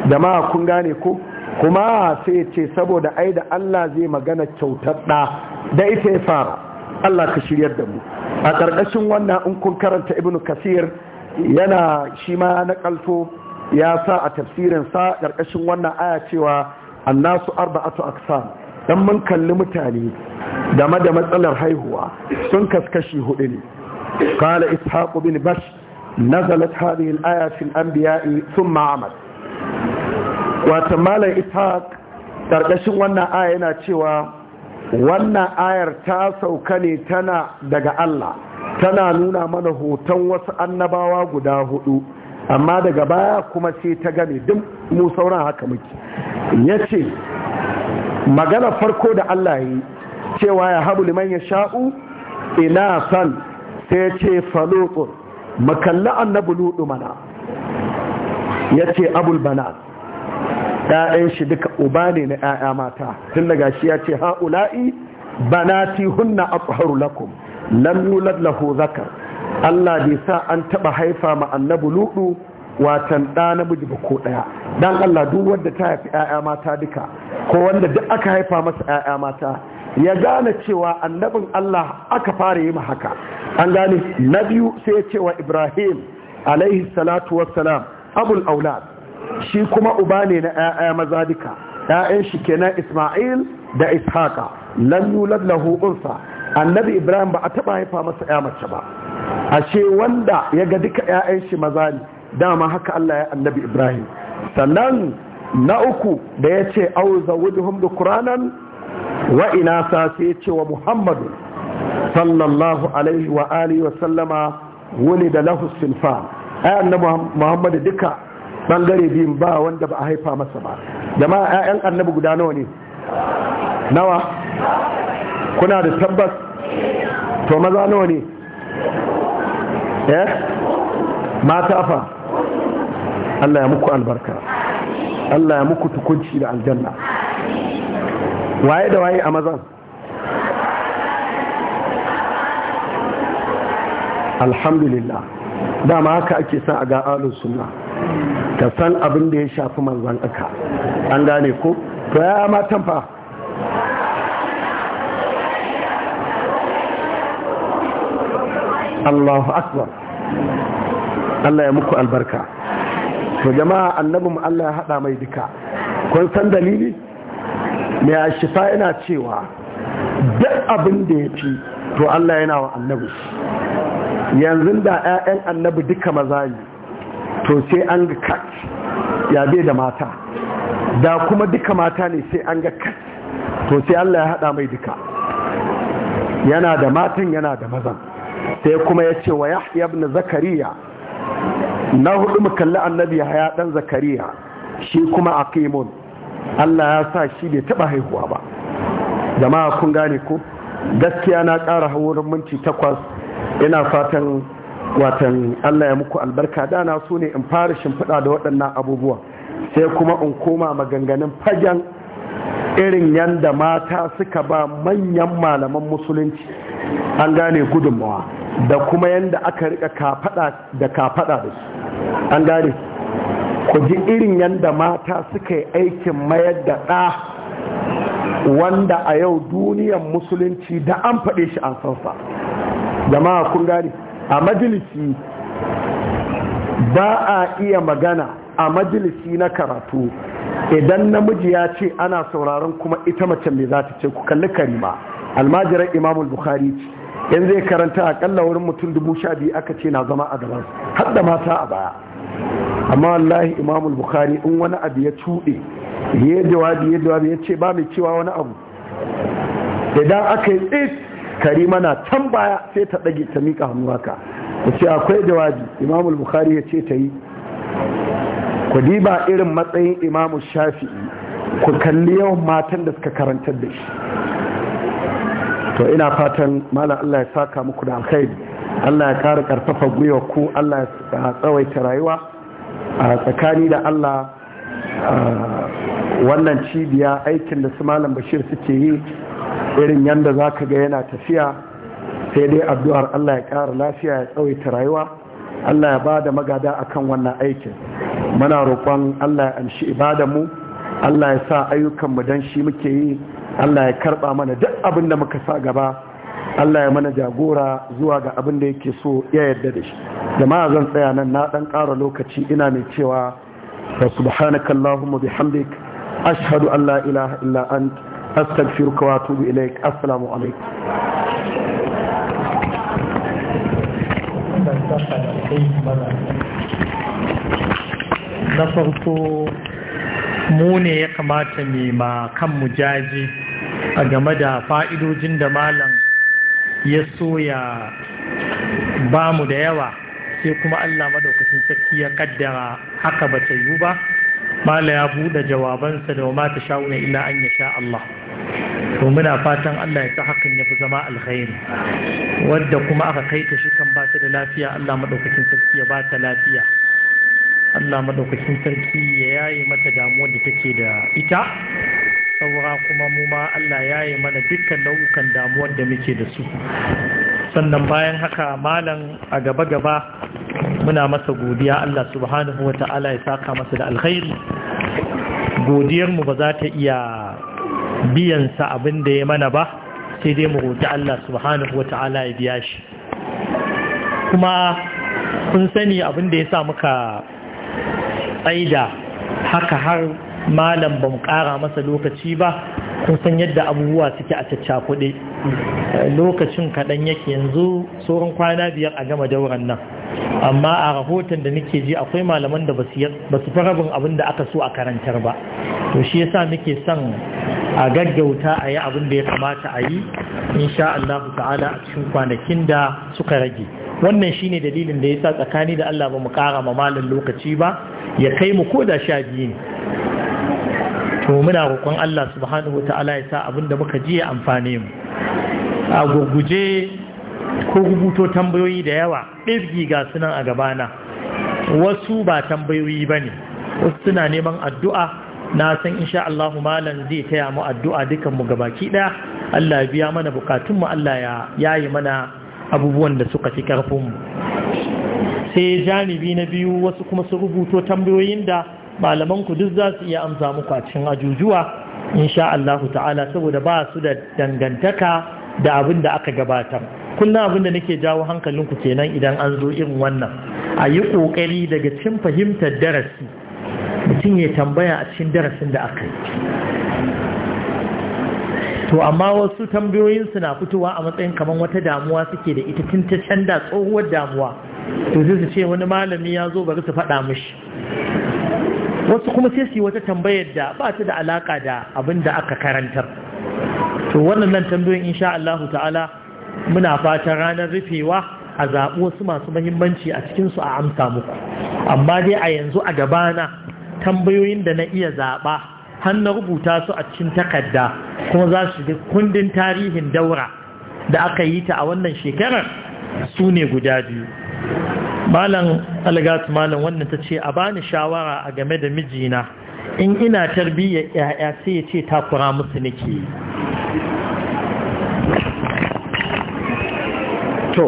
da ma kun gane ko kuma sai ce saboda ai da Allah zai magana kyautar ɗa da ita ya fara Allah ka shiryar da mu a ƙarƙashin wannan in kun karanta ibn kasir yana shi ma na ƙalto ya sa a tafsirin sa ƙarƙashin wannan aya cewa annasu arba'atu aksam dan mun kalli mutane game da matsalar haihuwa sun kaskashi hudu ne qala ishaq bin bash nazalat hadhihi al-aya fi al-anbiya'i thumma amal wa tamala ishaq ƙarƙashin wannan aya yana cewa wannan ayar ta sauka ne tana daga Allah tana nuna mana hoton wasu annabawa guda hudu amma daga baya kuma sai ta gane duk mu sauran haka muke yace magana farko da Allah yi cewa ya habu liman ya sha'u ina san sai ce falutun makalla annabi ludu mana yace abul banat ‘ya'yan shi duka uba ne na ‘ya'ya mata tun daga shi ya ce ha'ula'i banati hunna a tsoharu lakum lam yulad lahu zakar Allah bai sa an taɓa haifa ma annabi ludu watan ɗa namiji ba ko ɗaya dan Allah duk wanda ta haifi ‘ya'ya mata duka ko wanda duk aka haifa masa ‘ya'ya mata ya gane cewa annabin Allah aka fara yi ma haka an gane na biyu sai ya ce wa Ibrahim alaihi salatu wassalam abul aulad shi kuma uba ne na 'ya'ya maza duka 'ya'yan shi kenan Isma'il da Ishaka, lam yulad annabi Ibrahim ba a taɓa haifa masa ya mace ba ashe wanda ya ga duka 'ya'yan shi maza ne dama haka Allah ya annabi Ibrahim sannan na uku da ya ce au zawuduhum Kuranan, wa sa sai ya ce wa Muhammadu sallallahu alaihi wa alihi wa sallama wuli da lahu sinfa ayan na Muhammadu duka bangare biyun ba wanda ba a haifa masa ba jama'a 'ya'yan annabi guda nawa ne nawa kuna da tabbas to maza nawa ne eh mata fa Allah ya muku albarka Allah ya muku tukunci da aljanna waye da waye a mazan alhamdulillah dama haka ake son a ga alun sunna ka san abin da ya shafi manzan aka an gane ko to ya matan fa Allahu akbar Allah ya muku albarka to jama'a mu Allah ya hada mai duka kun san dalili mai ashifa ina cewa duk abin da ya ci to Allah yana wa annabi yanzu da 'ya'yan annabi duka maza ne to sai an ga kat ya bai da mata da kuma duka mata ne sai an ga kat to sai Allah ya hada mai duka yana da matan yana da mazan sai kuma ya ce wa yahya ibn zakariya na hudu mu kalli annabi ya ɗan zakariya shi kuma aqimun Allah ya sa shi bai taba haihuwa ba jama'a kun gane ku? gaskiya na ƙara haurin minti takwas ina fatan watan Allah ya muku albarka dana su ne in fara shimfiɗa da waɗannan abubuwa sai kuma in koma maganganun fagen irin yadda mata suka ba manyan malaman musulunci an gane gudunmawa da kuma yadda aka rika kafaɗa da kafaɗa da su an gane ku ji irin yadda mata suka yi aikin mayar da ɗa wanda a yau duniyar musulunci da an faɗe shi an sansa jama'a kun gane a majalisi ba a iya magana a majalisi na karatu idan namiji ya ce ana sauraron kuma ita mace mai za ta ce ku kalli karima almajirar imamul bukhari ce yanzu zai karanta kalla wurin mutum dubu sha biyu aka ce na zama a gaban har da mata a baya amma wallahi imamul bukhari in wani abu ya cuɗe ya jawabi ya jawabi ya ce ba mai cewa wani abu idan aka yi tsit karima na can baya sai ta ɗage ta miƙa hannu haka ta ce akwai jawabi imamul bukhari ya ce ta yi ku diba irin matsayin imamul shafi'i ku kalli yawan matan da suka karantar da shi to ina fatan malam Allah ya saka muku da alkhairi Allah ya kara karfafa gwiwa ku Allah ya tsawaita rayuwa a tsakani da Allah wannan cibiya aikin da su malam Bashir suke yi irin yadda za ka ga yana tafiya sai dai addu'ar Allah ya ƙara lafiya ya tsawaita rayuwa Allah ya ba da magada a kan wannan aikin muna roƙon Allah ya amshi ibadanmu Allah ya sa ayyukanmu don shi muke yi Allah ya karɓa mana duk abin da muka sa gaba Allah ya mana jagora zuwa ga abin da yake so ya yarda da shi jama'a zan tsaya nan na ɗan ƙara lokaci ina mai cewa subhanaka Allahumma bihamdik ashhadu an la ilaha illa أستغفرك wa إليك السلام عليكم na farko mu ne ya kamata ne ma kan mujaji a game da fa'idojin da malam ya soya ba mu da yawa sai kuma Allah madaukacin sarki ya kaddara haka ba ta yiwu ba mala ya buɗe jawabansa da wa mata sha'una ina an ya sha Allah to muna fatan Allah ya sa hakan ya fi zama alkhairi wadda kuma aka kai ta shi kan bata da lafiya Allah madaukakin sarki ya bata lafiya Allah madaukakin sarki ya yaye mata damuwar da take da ita saura kuma mu ma Allah ya yi mana dukkan nau'ukan damuwar da muke da su sannan bayan haka malam a gaba gaba muna masa godiya Allah subhanahu wata'ala ya saka masa da alkhairi godiyar mu ba za ta iya biyansa abin da ya mana ba sai dai mu roƙi Allah subhanahu wa ta'ala ya biya shi kuma kun sani abin da ya sa muka tsaida haka har malam ba mu ƙara masa lokaci ba kun san yadda abubuwa suke a caccakuɗe lokacin kaɗan yake yanzu tsoron kwana biyar a gama dauran nan amma a rahoton da muke ji akwai malaman da ba su fara rabin abin da aka so a karantar ba to shi yasa muke son a gaggauta a yi abin da ya kamata a yi insha Allah ta'ala a cikin kwanakin da suka rage wannan shine dalilin da ya sa tsakani da Allah ba mu ƙara ma malam lokaci ba ya kai mu ko da sha biyu ne to muna roƙon Allah subhanahu wata'ala ya sa da muka ji ya amfane mu a gurguje ko rubuto tambayoyi da yawa ɗirgi ga sunan a gabana wasu ba tambayoyi ba ne wasu suna neman addu'a na san insha Allah malam zai taya mu addu'a dukan ga gabaki ɗaya Allah ya biya mana bukatunmu Allah ya yi mana abubuwan da suka fi ƙarfinmu sai janibi na biyu wasu kuma su rubuto tambayoyin da malaman ku duk za su iya amsa muku a cikin ajujuwa insha Allah ta'ala saboda ba su da dangantaka da abin da aka gabatar kullum abin da nake jawo hankalinku kenan idan an zo irin wannan a yi ƙoƙari daga cin fahimtar darasi mutum ya tambaya a cikin darasin da aka yi to amma wasu tambayoyinsu na fitowa a matsayin kamar wata damuwa suke da ita tun ta canza tsohuwar damuwa to zai su ce wani malami ya zo bari su faɗa mishi wasu kuma sai su wata tambayar da ba ta da alaƙa da abin da aka karantar to wannan nan tambayoyin insha Allah ta'ala muna fatan ranar rufewa a zaɓi wasu masu mahimmanci a cikinsu a amsa muku amma dai a yanzu a gabana tambayoyin da na iya zaɓa har na rubuta su a cikin takarda kuma za su da kundin tarihin daura da aka yi ta a wannan shekarar su ne guda biyu malam algat malam wannan ta ce a bani shawara a game da mijina in ina tarbiyyar ya'ya sai ya ce takura musu nake to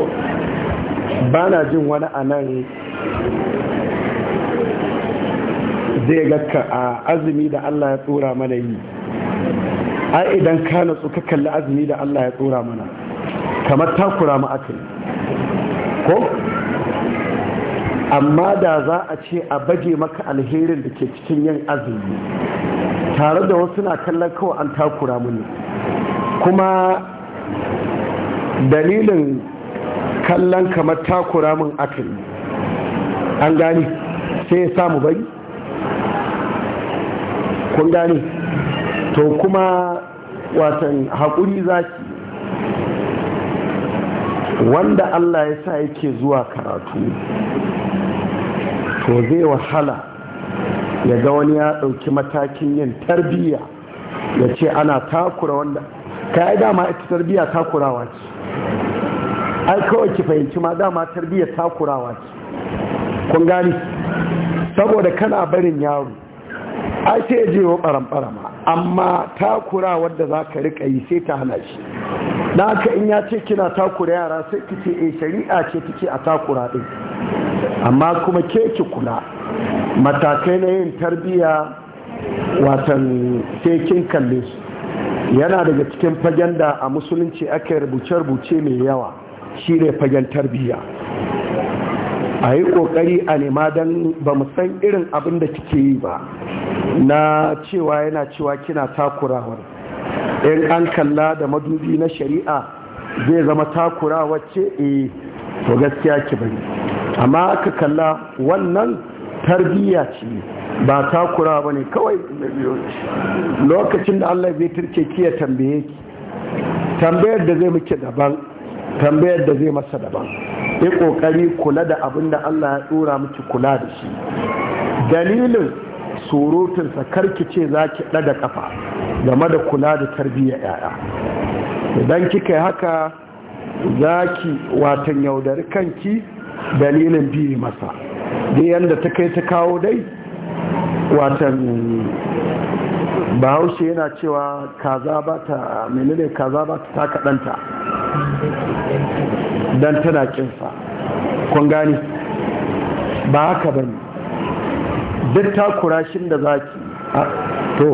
ba na jin wani anan zai gaka a azumi da Allah ya tsora mana yi a idan ka nutsu ka kalli azumi da Allah ya tsora mana kamar takura mu ko amma da za a ce a baje maka alherin da ke cikin yin azumi tare da wasu na kallon kawai an takura mini kuma dalilin kallon kamar takura mun akan an gani sai ya samu bari kun gani to kuma watan haƙuri zaki wanda Allah ya sa yake zuwa karatu to zai wahala ya ga wani ya ɗauki matakin yin tarbiyya ya ce ana takura wanda ka yi dama ita tarbiyya takurawa ce ai kawai ki fahimci ma dama tarbiyya takurawa ce kun gani saboda kana barin yaro ai sai ya je wa ɓaramɓarama amma takura wadda za ka riƙa yi sai ta hana shi na haka in ya ce kina takura yara sai ki ce a eh, shari'a ce take a takura ɗin amma kuma ke ki kula matakai na yin tarbiyya watan sai kin kalle su yana daga cikin fagen da a musulunci aka rubuce-rubuce mai yawa shi ne fagen tarbiyya a yi ƙoƙari a nema don ba mu san irin abin da kike yi ba na cewa yana cewa kina takurawar in an kalla da madubi na shari'a zai zama takurawar ce e to gaskiya ki bari amma aka kalla wannan tarbiyya ce ba takura ba ne kawai lokacin da allah zai turke kiya tambaye ki tambayar da zai muke daban tambayar da zai masa daban ya ƙoƙari kula da abin da allah ya ɗora miki kula da shi dalilin surutunsa karki ce za ki da ƙafa game da kula da tarbiyyar yaya idan kika yi haka za ki watan yaudari kanki dalilin biyu masa da yadda ta kai ta kawo dai watan bahaushe yana cewa kaza ba ta menene kaza ba ta taka ɗanta don tana kinsa kun gani ba haka ba ne duk takurashin da za ki to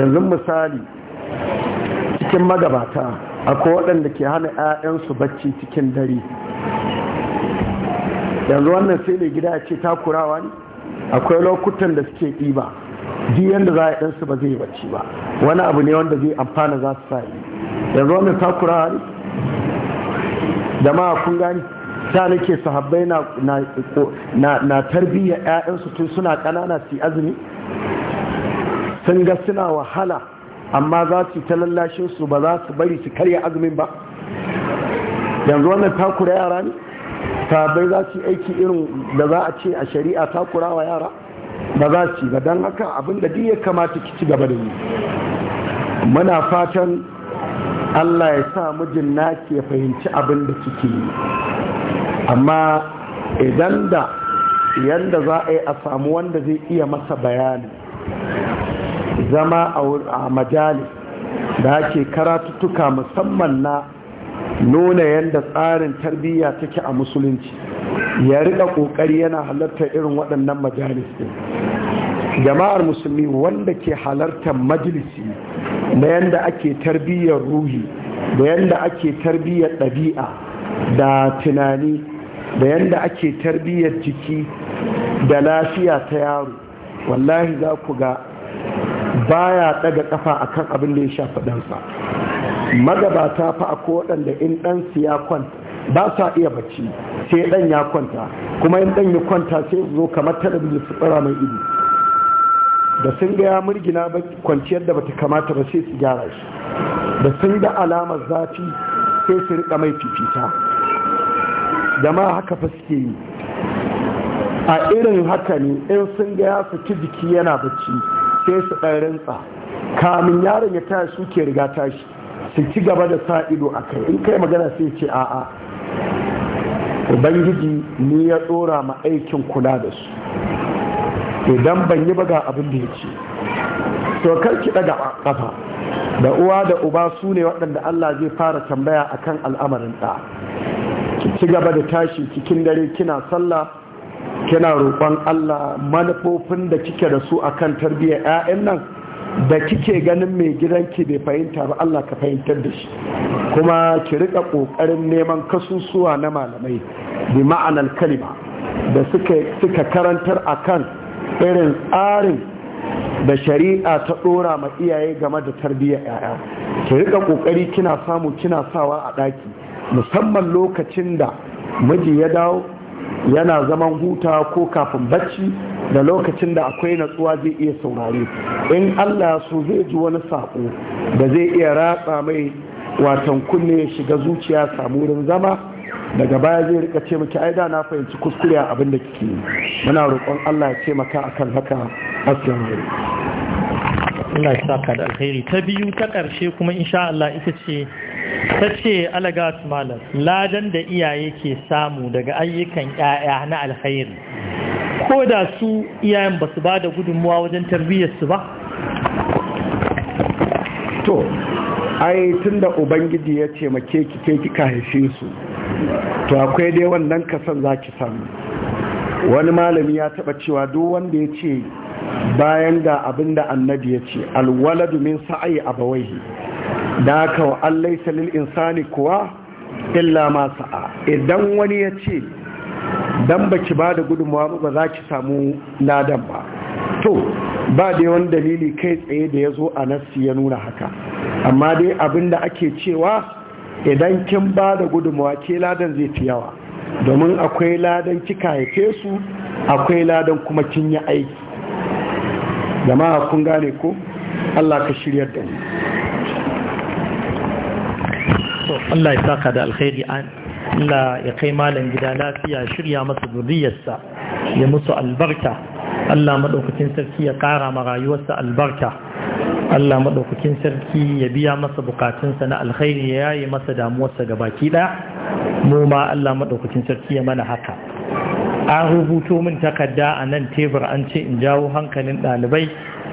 yanzu misali cikin magabata akwai waɗanda ke hana 'ya'yansu bacci cikin dare yanzu wannan sai da gida ya ce takurawa ne akwai lokutan da suke ɗiba duk yadda za a ɗansu ba zai yi bacci ba wani abu ne wanda zai amfana za su sa'i yanzu wannan takurawa ne jama'a kun gani ta nake sahabbai na na na tarbiyyar ƴaƴansu tun suna ƙanana su azumi sun ga suna wahala amma za su ta lallashin su ba za su bari su karya azumin ba yanzu wannan takura yara ne sabai za su aiki irin da za a ce a shari'a ta kurawa yara ba za su ba don haka abin da duk ya kamata ki ci gaba da yi muna fatan allah ya sa mijin naki ya fahimci abin da kike yi amma idan da yanda za a yi a samu wanda zai iya masa bayani zama a majalis da ake karatuttuka musamman na nuna yadda tsarin tarbiyya take a musulunci ya rika kokari yana halartar irin waɗannan majalis din jama'ar musulmi wanda ke halartar majalisi da yadda ake tarbiyyar ruhi da yadda ake tarbiyyar ɗabi'a da tunani da yadda ake tarbiyyar jiki da lafiya ta yaro wallahi za ku ga baya ɗaga ƙafa akan abin da ya shafi ɗansa magabata fa a waɗanda in ɗansu ya kwanta ba sa iya bacci sai ɗan ya kwanta kuma in ɗan ya kwanta sai su zo kamar talabijin su tsira mai ido da sun ga ya murgina kwanciyar da bata kamata ba sai su gyara shi da sun ga alamar zafi sai su rika mai fifita ma haka fa suke yi a irin haka ne in sun ga ya jiki yana bacci sai su ɗan rintsa kamin yaron ya tashi suke riga tashi su ci gaba da sa ido a kai in kai magana sai ce a'a ubangiji ni ya tsora ma aikin kula da su idan ban yi ba ga abin da ya ce to kar ki daga kafa da uwa da uba su ne waɗanda Allah zai fara tambaya akan al'amarin ɗa ki ci gaba da tashi cikin dare kina sallah kina roƙon Allah manufofin da kike da su akan tarbiyyar 'ya'yan nan da kike ganin mai gidanki bai fahimta ba Allah ka fahimtar da shi kuma ki rika kokarin neman kasusuwa na malamai bi ma'anar kalima da suka karantar a kan irin tsarin da shari'a ta dora ma iyaye game da tarbiyyar yaya ki rika kokari kina samu kina sawa a daki musamman lokacin da miji ya dawo yana zaman huta ko kafin bacci da lokacin da akwai natsuwa zai iya saurare in allah su zai ji wani saƙo da zai iya ratsa mai watan kunne ya shiga zuciya samu wurin zama daga baya zai rika ce miki ai da na fahimci kuskure a abin da kike yi muna roƙon allah ya taimaka akan haka assalamu Allah ya saka da alheri ta biyu ta ƙarshe kuma insha Allah ita ce ta ce alagat malar ladan da iyaye ke samu daga ayyukan 'ya'ya na alkhairi ko da su iyayen ba su ba da gudunmuwa wajen tarbiyyarsu ba to ai tun da ubangiji ya ce make ki ke ki haife su to akwai dai wannan kasan za ki samu wani malami ya taba cewa duk wanda ya ce bayan ga abinda annabi ya ce alwaladu min sa'ayi abawaihi da haka wa allai salil insani kuwa illa ma sa'a idan wani ya ce ba ki ba da gudunmawa ba za ki samu ladan ba to ba dai wani dalili kai tsaye da ya zo a nassi ya nuna haka amma dai abin da ake cewa idan kin ba da gudunmawa ke ladan zai fi yawa domin akwai ladan kika haife su akwai ladan kuma kin yi aiki jama'a kun gane ko Allah ka shiryar da ni to Allah ya saka da alkhairi an Allah ya kai malam gida lafiya shirya masa zuriyarsa ya musu albarka Allah madaukakin sarki ya kara ma rayuwarsa albarka Allah madaukakin sarki ya biya masa bukatunsa na alkhairi ya yi masa damuwarsa gabaki daya mu ma Allah madaukakin sarki ya mana haka an rubuto min takarda a nan tebur an ce in jawo hankalin ɗalibai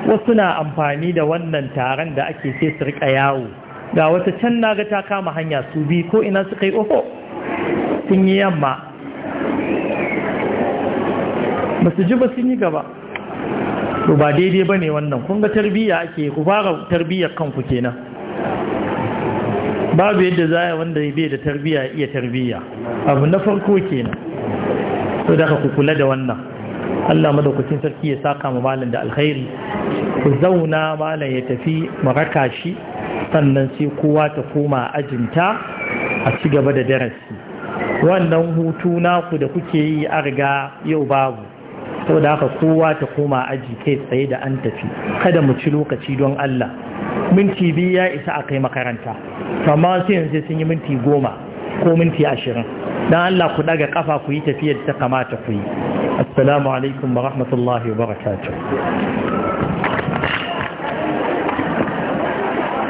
wasu na amfani da wannan taron da ake sai su rika yawo ga wata can naga ta kama hanya su bi ko ina suka yi oho sun yi yamma ba su ji ba sun yi gaba to ba daidai ba ne wannan kun ga tarbiyya ake ku fara tarbiyyar kanku kenan babu yadda za a wanda bai da tarbiyya iya tarbiyya abu na farko kenan to daga ku kula da wannan Allah madaukakin sarki ya saka mu malam da alkhairi ku zauna malam ya tafi maraka shi sannan sai kowa ta koma ajinta a ci gaba da darasi wannan hutu naku da kuke yi a riga yau babu sau da haka kowa ta koma aji kai tsaye da an tafi kada mu ci lokaci don Allah minti biyu ya isa a kai makaranta amma sai yanzu sun yi minti goma ko minti ashirin don Allah ku daga kafa ku yi tafiyar ta kamata ku yi assalamu alaikum wa rahmatullahi wa barakatuh